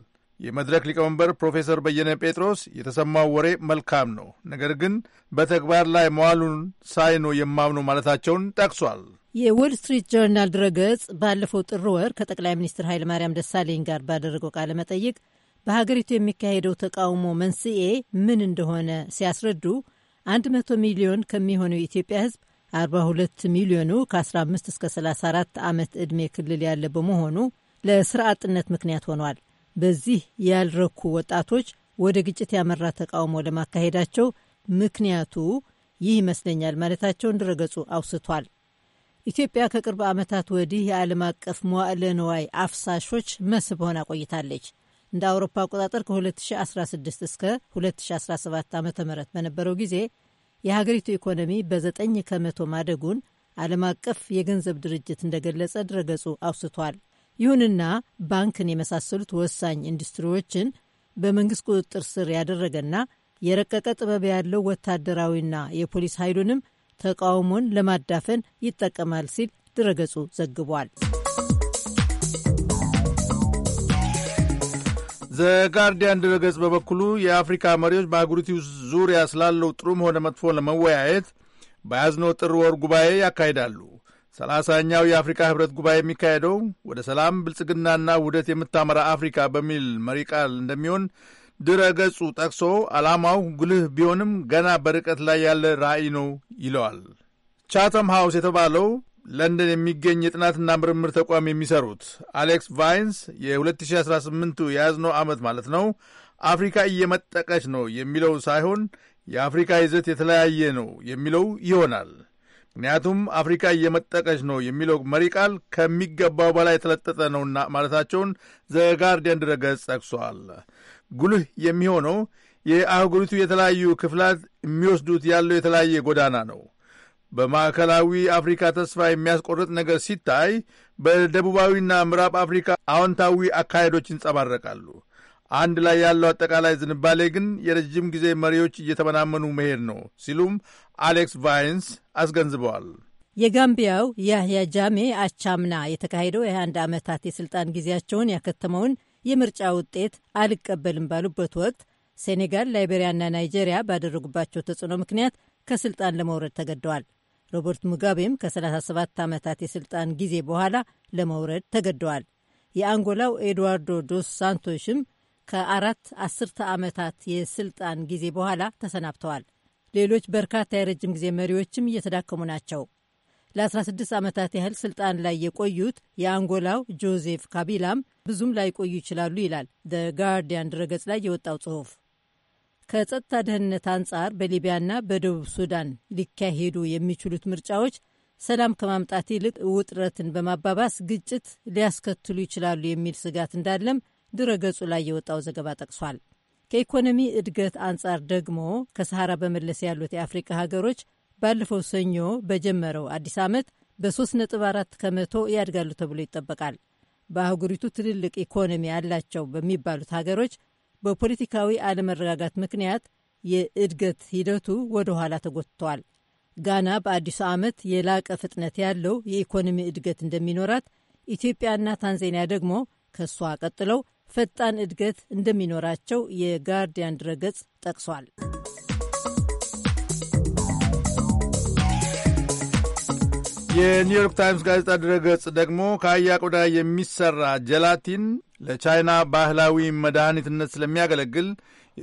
የመድረክ ሊቀመንበር ፕሮፌሰር በየነ ጴጥሮስ የተሰማው ወሬ መልካም ነው፣ ነገር ግን በተግባር ላይ መዋሉን ሳይ ነው የማምኑ ማለታቸውን ጠቅሷል። የዎል ስትሪት ጆርናል ድረገጽ ባለፈው ጥር ወር ከጠቅላይ ሚኒስትር ኃይለማርያም ደሳለኝ ጋር ባደረገው ቃለ መጠይቅ በሀገሪቱ የሚካሄደው ተቃውሞ መንስኤ ምን እንደሆነ ሲያስረዱ 100 ሚሊዮን ከሚሆነው የኢትዮጵያ ሕዝብ 42 ሚሊዮኑ ከ15 እስከ 34 ዓመት ዕድሜ ክልል ያለ በመሆኑ ለስራ አጥነት ምክንያት ሆኗል። በዚህ ያልረኩ ወጣቶች ወደ ግጭት ያመራ ተቃውሞ ለማካሄዳቸው ምክንያቱ ይህ ይመስለኛል ማለታቸውን ድረገጹ አውስቷል። ኢትዮጵያ ከቅርብ ዓመታት ወዲህ የዓለም አቀፍ መዋዕለ ንዋይ አፍሳሾች መስህብ ሆና ቆይታለች። እንደ አውሮፓ አቆጣጠር ከ2016 እስከ 2017 ዓ ም በነበረው ጊዜ የሀገሪቱ ኢኮኖሚ በዘጠኝ ከመቶ ማደጉን ዓለም አቀፍ የገንዘብ ድርጅት እንደገለጸ ድረገጹ አውስቷል። ይሁንና ባንክን የመሳሰሉት ወሳኝ ኢንዱስትሪዎችን በመንግስት ቁጥጥር ስር ያደረገና የረቀቀ ጥበብ ያለው ወታደራዊና የፖሊስ ኃይሉንም ተቃውሞን ለማዳፈን ይጠቀማል ሲል ድረገጹ ዘግቧል። ዘጋርዲያን ድረገጽ በበኩሉ የአፍሪካ መሪዎች በአህጉሪቱ ዙሪያ ስላለው ጥሩም ሆነ መጥፎ ለመወያየት በያዝነው ጥር ወር ጉባኤ ያካሂዳሉ። ሰላሳኛው የአፍሪካ ህብረት ጉባኤ የሚካሄደው ወደ ሰላም ብልጽግናና ውህደት የምታመራ አፍሪካ በሚል መሪ ቃል እንደሚሆን ድረ ገጹ ጠቅሶ ዓላማው ጉልህ ቢሆንም ገና በርቀት ላይ ያለ ራዕይ ነው ይለዋል። ቻተም ሃውስ የተባለው ለንደን የሚገኝ የጥናትና ምርምር ተቋም የሚሰሩት አሌክስ ቫይንስ የ2018 የያዝነው ዓመት ማለት ነው አፍሪካ እየመጠቀች ነው የሚለው ሳይሆን የአፍሪካ ይዘት የተለያየ ነው የሚለው ይሆናል። ምክንያቱም አፍሪካ እየመጠቀች ነው የሚለው መሪ ቃል ከሚገባው በላይ የተለጠጠ ነውና ማለታቸውን ዘጋርዲያን ድረገጽ ጠቅሷል። ጉልህ የሚሆነው የአህጉሪቱ የተለያዩ ክፍላት የሚወስዱት ያለው የተለያየ ጎዳና ነው። በማዕከላዊ አፍሪካ ተስፋ የሚያስቆርጥ ነገር ሲታይ፣ በደቡባዊና ምዕራብ አፍሪካ አዎንታዊ አካሄዶች ይንጸባረቃሉ። አንድ ላይ ያለው አጠቃላይ ዝንባሌ ግን የረዥም ጊዜ መሪዎች እየተመናመኑ መሄድ ነው ሲሉም አሌክስ ቫይንስ አስገንዝበዋል። የጋምቢያው ያህያ ጃሜ አቻምና የተካሄደው የ21 ዓመታት የሥልጣን ጊዜያቸውን ያከተመውን የምርጫ ውጤት አልቀበልም ባሉበት ወቅት ሴኔጋል፣ ላይቤሪያና ናይጄሪያ ባደረጉባቸው ተጽዕኖ ምክንያት ከስልጣን ለመውረድ ተገደዋል። ሮበርት ሙጋቤም ከ37 ዓመታት የሥልጣን ጊዜ በኋላ ለመውረድ ተገደዋል። የአንጎላው ኤድዋርዶ ዶስ ሳንቶሽም ከአራት አስርተ ዓመታት የስልጣን ጊዜ በኋላ ተሰናብተዋል። ሌሎች በርካታ የረጅም ጊዜ መሪዎችም እየተዳከሙ ናቸው። ለ16 ዓመታት ያህል ስልጣን ላይ የቆዩት የአንጎላው ጆዜፍ ካቢላም ብዙም ላይቆዩ ይችላሉ ይላል ደ ጋርዲያን ድረገጽ ላይ የወጣው ጽሑፍ። ከጸጥታ ደህንነት አንጻር በሊቢያና በደቡብ ሱዳን ሊካሄዱ የሚችሉት ምርጫዎች ሰላም ከማምጣት ይልቅ ውጥረትን በማባባስ ግጭት ሊያስከትሉ ይችላሉ የሚል ስጋት እንዳለም ድረገጹ ላይ የወጣው ዘገባ ጠቅሷል። ከኢኮኖሚ እድገት አንጻር ደግሞ ከሰሃራ በመለስ ያሉት የአፍሪካ ሀገሮች ባለፈው ሰኞ በጀመረው አዲስ ዓመት በ3.4 ከመቶ ያድጋሉ ተብሎ ይጠበቃል። በአህጉሪቱ ትልልቅ ኢኮኖሚ ያላቸው በሚባሉት ሀገሮች በፖለቲካዊ አለመረጋጋት ምክንያት የእድገት ሂደቱ ወደ ኋላ ተጎትቷል። ጋና በአዲሱ ዓመት የላቀ ፍጥነት ያለው የኢኮኖሚ እድገት እንደሚኖራት፣ ኢትዮጵያና ታንዛኒያ ደግሞ ከእሷ ቀጥለው ፈጣን እድገት እንደሚኖራቸው የጋርዲያን ድረገጽ ጠቅሷል። የኒውዮርክ ታይምስ ጋዜጣ ድረገጽ ደግሞ ከአህያ ቆዳ የሚሰራ ጀላቲን ለቻይና ባህላዊ መድኃኒትነት ስለሚያገለግል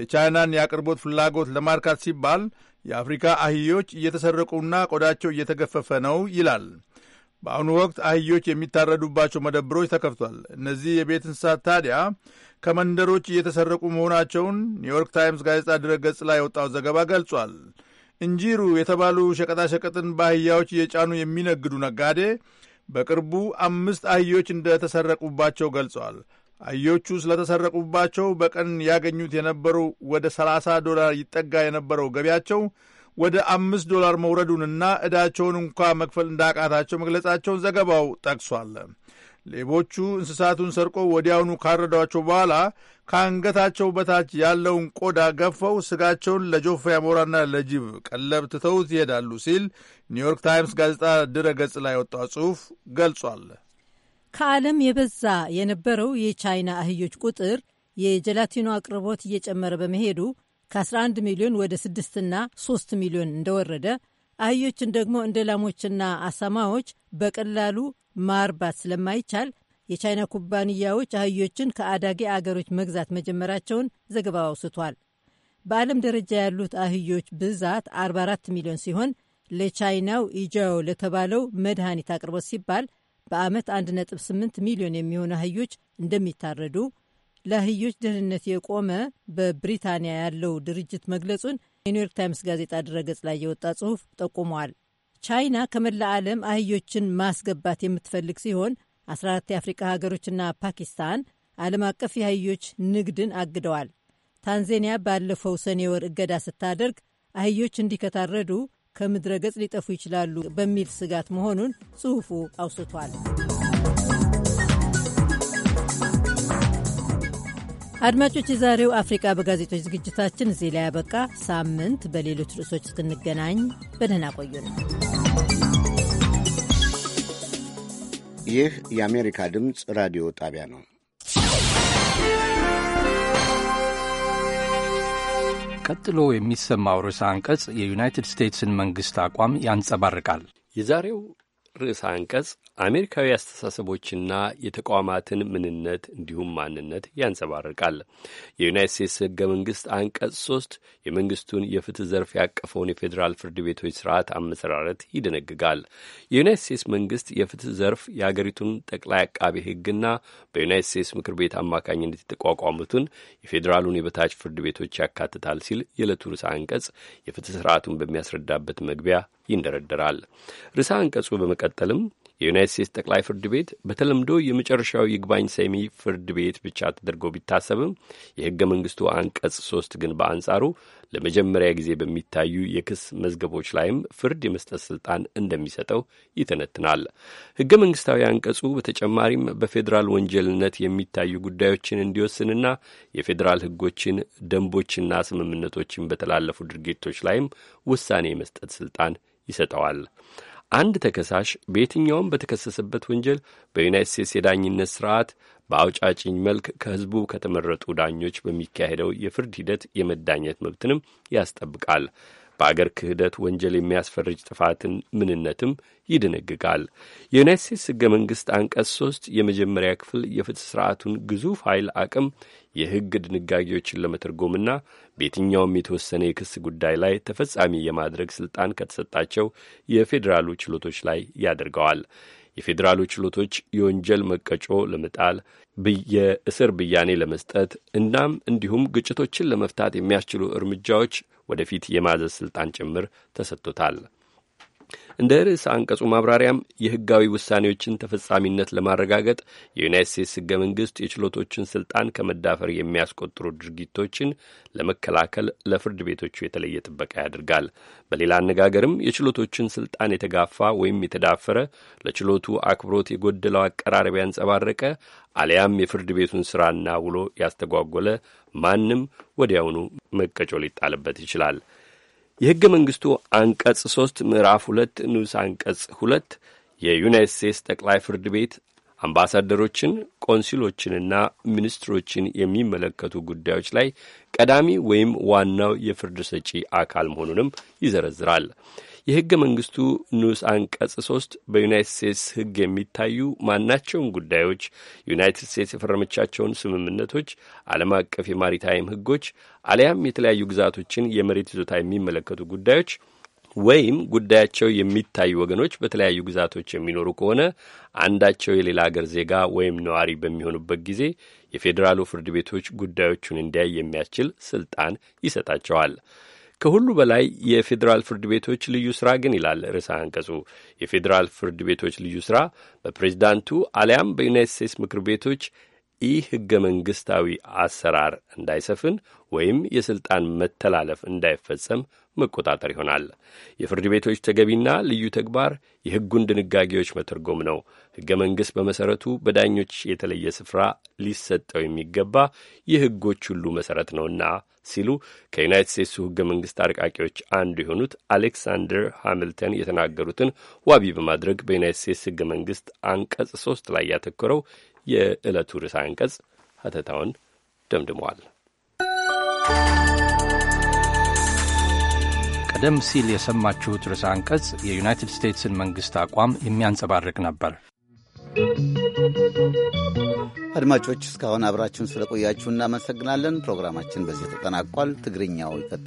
የቻይናን የአቅርቦት ፍላጎት ለማርካት ሲባል የአፍሪካ አህዮች እየተሰረቁና ቆዳቸው እየተገፈፈ ነው ይላል። በአሁኑ ወቅት አህዮች የሚታረዱባቸው መደብሮች ተከፍቷል። እነዚህ የቤት እንስሳት ታዲያ ከመንደሮች እየተሰረቁ መሆናቸውን ኒውዮርክ ታይምስ ጋዜጣ ድረገጽ ላይ የወጣው ዘገባ ገልጿል። እንጂሩ የተባሉ ሸቀጣሸቀጥን በአህያዎች እየጫኑ የሚነግዱ ነጋዴ በቅርቡ አምስት አህዮች እንደተሰረቁባቸው ገልጸዋል። አህዮቹ ስለተሰረቁባቸው በቀን ያገኙት የነበሩ ወደ 30 ዶላር ይጠጋ የነበረው ገቢያቸው ወደ አምስት ዶላር መውረዱንና ዕዳቸውን እንኳ መክፈል እንዳቃታቸው መግለጻቸውን ዘገባው ጠቅሷል። ሌቦቹ እንስሳቱን ሰርቆ ወዲያውኑ ካረዷቸው በኋላ ከአንገታቸው በታች ያለውን ቆዳ ገፈው ስጋቸውን ለጆፌ አሞራና ለጅብ ቀለብ ትተውት ይሄዳሉ ሲል ኒውዮርክ ታይምስ ጋዜጣ ድረ ገጽ ላይ ወጣ ጽሑፍ ገልጿል። ከዓለም የበዛ የነበረው የቻይና አህዮች ቁጥር የጀላቲኖ አቅርቦት እየጨመረ በመሄዱ ከ11 ሚሊዮን ወደ 6ና 3 ሚሊዮን እንደወረደ፣ አህዮችን ደግሞ እንደ ላሞችና አሳማዎች በቀላሉ ማርባት ስለማይቻል የቻይና ኩባንያዎች አህዮችን ከአዳጊ አገሮች መግዛት መጀመራቸውን ዘገባው አውስቷል። በዓለም ደረጃ ያሉት አህዮች ብዛት 44 ሚሊዮን ሲሆን ለቻይናው ኢጃዮ ለተባለው መድኃኒት አቅርቦት ሲባል በዓመት 1.8 ሚሊዮን የሚሆኑ አህዮች እንደሚታረዱ ለአህዮች ደህንነት የቆመ በብሪታንያ ያለው ድርጅት መግለጹን የኒውዮርክ ታይምስ ጋዜጣ ድረገጽ ላይ የወጣ ጽሑፍ ጠቁሟል። ቻይና ከመላ ዓለም አህዮችን ማስገባት የምትፈልግ ሲሆን 14 የአፍሪቃ ሀገሮችና ፓኪስታን ዓለም አቀፍ የአህዮች ንግድን አግደዋል። ታንዛኒያ ባለፈው ሰኔ ወር እገዳ ስታደርግ አህዮች እንዲከታረዱ ከምድረ ገጽ ሊጠፉ ይችላሉ በሚል ስጋት መሆኑን ጽሑፉ አውስቷል። አድማጮች፣ የዛሬው አፍሪቃ በጋዜጦች ዝግጅታችን እዚህ ላይ ያበቃ። ሳምንት በሌሎች ርዕሶች እስክንገናኝ በደህና ቆዩ ነው። ይህ የአሜሪካ ድምፅ ራዲዮ ጣቢያ ነው። ቀጥሎ የሚሰማው ርዕሰ አንቀጽ የዩናይትድ ስቴትስን መንግሥት አቋም ያንጸባርቃል። የዛሬው ርዕሰ አንቀጽ አሜሪካዊ አስተሳሰቦችና የተቋማትን ምንነት እንዲሁም ማንነት ያንጸባርቃል። የዩናይት ስቴትስ ህገ መንግስት አንቀጽ ሶስት የመንግስቱን የፍትህ ዘርፍ ያቀፈውን የፌዴራል ፍርድ ቤቶች ስርዓት አመሰራረት ይደነግጋል። የዩናይት ስቴትስ መንግስት የፍትህ ዘርፍ የአገሪቱን ጠቅላይ አቃቤ ህግና በዩናይት ስቴትስ ምክር ቤት አማካኝነት የተቋቋሙትን የፌዴራሉን የበታች ፍርድ ቤቶች ያካትታል ሲል የዕለቱ ርዕሰ አንቀጽ የፍትህ ስርዓቱን በሚያስረዳበት መግቢያ ይንደረደራል። ርዕሰ አንቀጹ በመቀጠልም የዩናይት ስቴትስ ጠቅላይ ፍርድ ቤት በተለምዶ የመጨረሻው ይግባኝ ሰሚ ፍርድ ቤት ብቻ ተደርጎ ቢታሰብም የሕገ መንግስቱ አንቀጽ ሶስት ግን በአንጻሩ ለመጀመሪያ ጊዜ በሚታዩ የክስ መዝገቦች ላይም ፍርድ የመስጠት ስልጣን እንደሚሰጠው ይተነትናል። ሕገ መንግስታዊ አንቀጹ በተጨማሪም በፌዴራል ወንጀልነት የሚታዩ ጉዳዮችን እንዲወስንና የፌዴራል ሕጎችን ደንቦችና ስምምነቶችን በተላለፉ ድርጊቶች ላይም ውሳኔ የመስጠት ስልጣን ይሰጠዋል። አንድ ተከሳሽ በየትኛውም በተከሰሰበት ወንጀል በዩናይት ስቴትስ የዳኝነት ስርዓት በአውጫጭኝ መልክ ከሕዝቡ ከተመረጡ ዳኞች በሚካሄደው የፍርድ ሂደት የመዳኘት መብትንም ያስጠብቃል። በአገር ክህደት ወንጀል የሚያስፈርጅ ጥፋትን ምንነትም ይደነግጋል። የዩናይት ስቴትስ ሕገ መንግሥት አንቀጽ ሶስት የመጀመሪያ ክፍል የፍትሕ ስርዓቱን ግዙፍ ኃይል አቅም የሕግ ድንጋጌዎችን ለመተርጎምና በየትኛውም የተወሰነ የክስ ጉዳይ ላይ ተፈጻሚ የማድረግ ስልጣን ከተሰጣቸው የፌዴራሉ ችሎቶች ላይ ያደርገዋል። የፌዴራሉ ችሎቶች የወንጀል መቀጮ ለመጣል የእስር ብያኔ ለመስጠት እናም እንዲሁም ግጭቶችን ለመፍታት የሚያስችሉ እርምጃዎች ወደፊት የማዘዝ ስልጣን ጭምር ተሰጥቶታል። እንደ ርዕስ አንቀጹ ማብራሪያም የህጋዊ ውሳኔዎችን ተፈጻሚነት ለማረጋገጥ የዩናይት ስቴትስ ህገ መንግስት የችሎቶችን ስልጣን ከመዳፈር የሚያስቆጥሩ ድርጊቶችን ለመከላከል ለፍርድ ቤቶቹ የተለየ ጥበቃ ያደርጋል። በሌላ አነጋገርም የችሎቶችን ስልጣን የተጋፋ ወይም የተዳፈረ፣ ለችሎቱ አክብሮት የጎደለው አቀራረብ ያንጸባረቀ አሊያም የፍርድ ቤቱን ስራና ውሎ ያስተጓጎለ ማንም ወዲያውኑ መቀጮ ሊጣልበት ይችላል። የሕገ መንግሥቱ አንቀጽ ሶስት ምዕራፍ ሁለት ንዑስ አንቀጽ ሁለት የዩናይት ስቴትስ ጠቅላይ ፍርድ ቤት አምባሳደሮችን ቆንሲሎችንና ሚኒስትሮችን የሚመለከቱ ጉዳዮች ላይ ቀዳሚ ወይም ዋናው የፍርድ ሰጪ አካል መሆኑንም ይዘረዝራል። የህገ መንግስቱ ንዑስ አንቀጽ ሶስት በዩናይትድ ስቴትስ ህግ የሚታዩ ማናቸውን ጉዳዮች ዩናይትድ ስቴትስ የፈረመቻቸውን ስምምነቶች፣ ዓለም አቀፍ የማሪታይም ህጎች አሊያም የተለያዩ ግዛቶችን የመሬት ይዞታ የሚመለከቱ ጉዳዮች ወይም ጉዳያቸው የሚታዩ ወገኖች በተለያዩ ግዛቶች የሚኖሩ ከሆነ አንዳቸው የሌላ አገር ዜጋ ወይም ነዋሪ በሚሆኑበት ጊዜ የፌዴራሉ ፍርድ ቤቶች ጉዳዮቹን እንዲያይ የሚያስችል ስልጣን ይሰጣቸዋል። ከሁሉ በላይ የፌዴራል ፍርድ ቤቶች ልዩ ስራ ግን ይላል ርዕሰ አንቀጹ የፌዴራል ፍርድ ቤቶች ልዩ ስራ በፕሬዚዳንቱ አሊያም በዩናይት ስቴትስ ምክር ቤቶች ይህ ህገ መንግስታዊ አሰራር እንዳይሰፍን ወይም የስልጣን መተላለፍ እንዳይፈጸም መቆጣጠር ይሆናል። የፍርድ ቤቶች ተገቢና ልዩ ተግባር የህጉን ድንጋጌዎች መተርጎም ነው። ህገ መንግሥት በመሠረቱ በዳኞች የተለየ ስፍራ ሊሰጠው የሚገባ የህጎች ሁሉ መሠረት ነውና ሲሉ ከዩናይት ስቴትሱ ህገ መንግሥት አርቃቂዎች አንዱ የሆኑት አሌክሳንደር ሃሚልተን የተናገሩትን ዋቢ በማድረግ በዩናይት ስቴትስ ህገ መንግሥት አንቀጽ ሶስት ላይ ያተኮረው የዕለቱ ርዕሰ አንቀጽ ሀተታውን ደምድመዋል። ቀደም ሲል የሰማችሁት ርዕሰ አንቀጽ የዩናይትድ ስቴትስን መንግሥት አቋም የሚያንጸባርቅ ነበር። አድማጮች እስካሁን አብራችሁን ስለቆያችሁ እናመሰግናለን። ፕሮግራማችን በዚህ ተጠናቋል። ትግርኛው ይቀጥላል።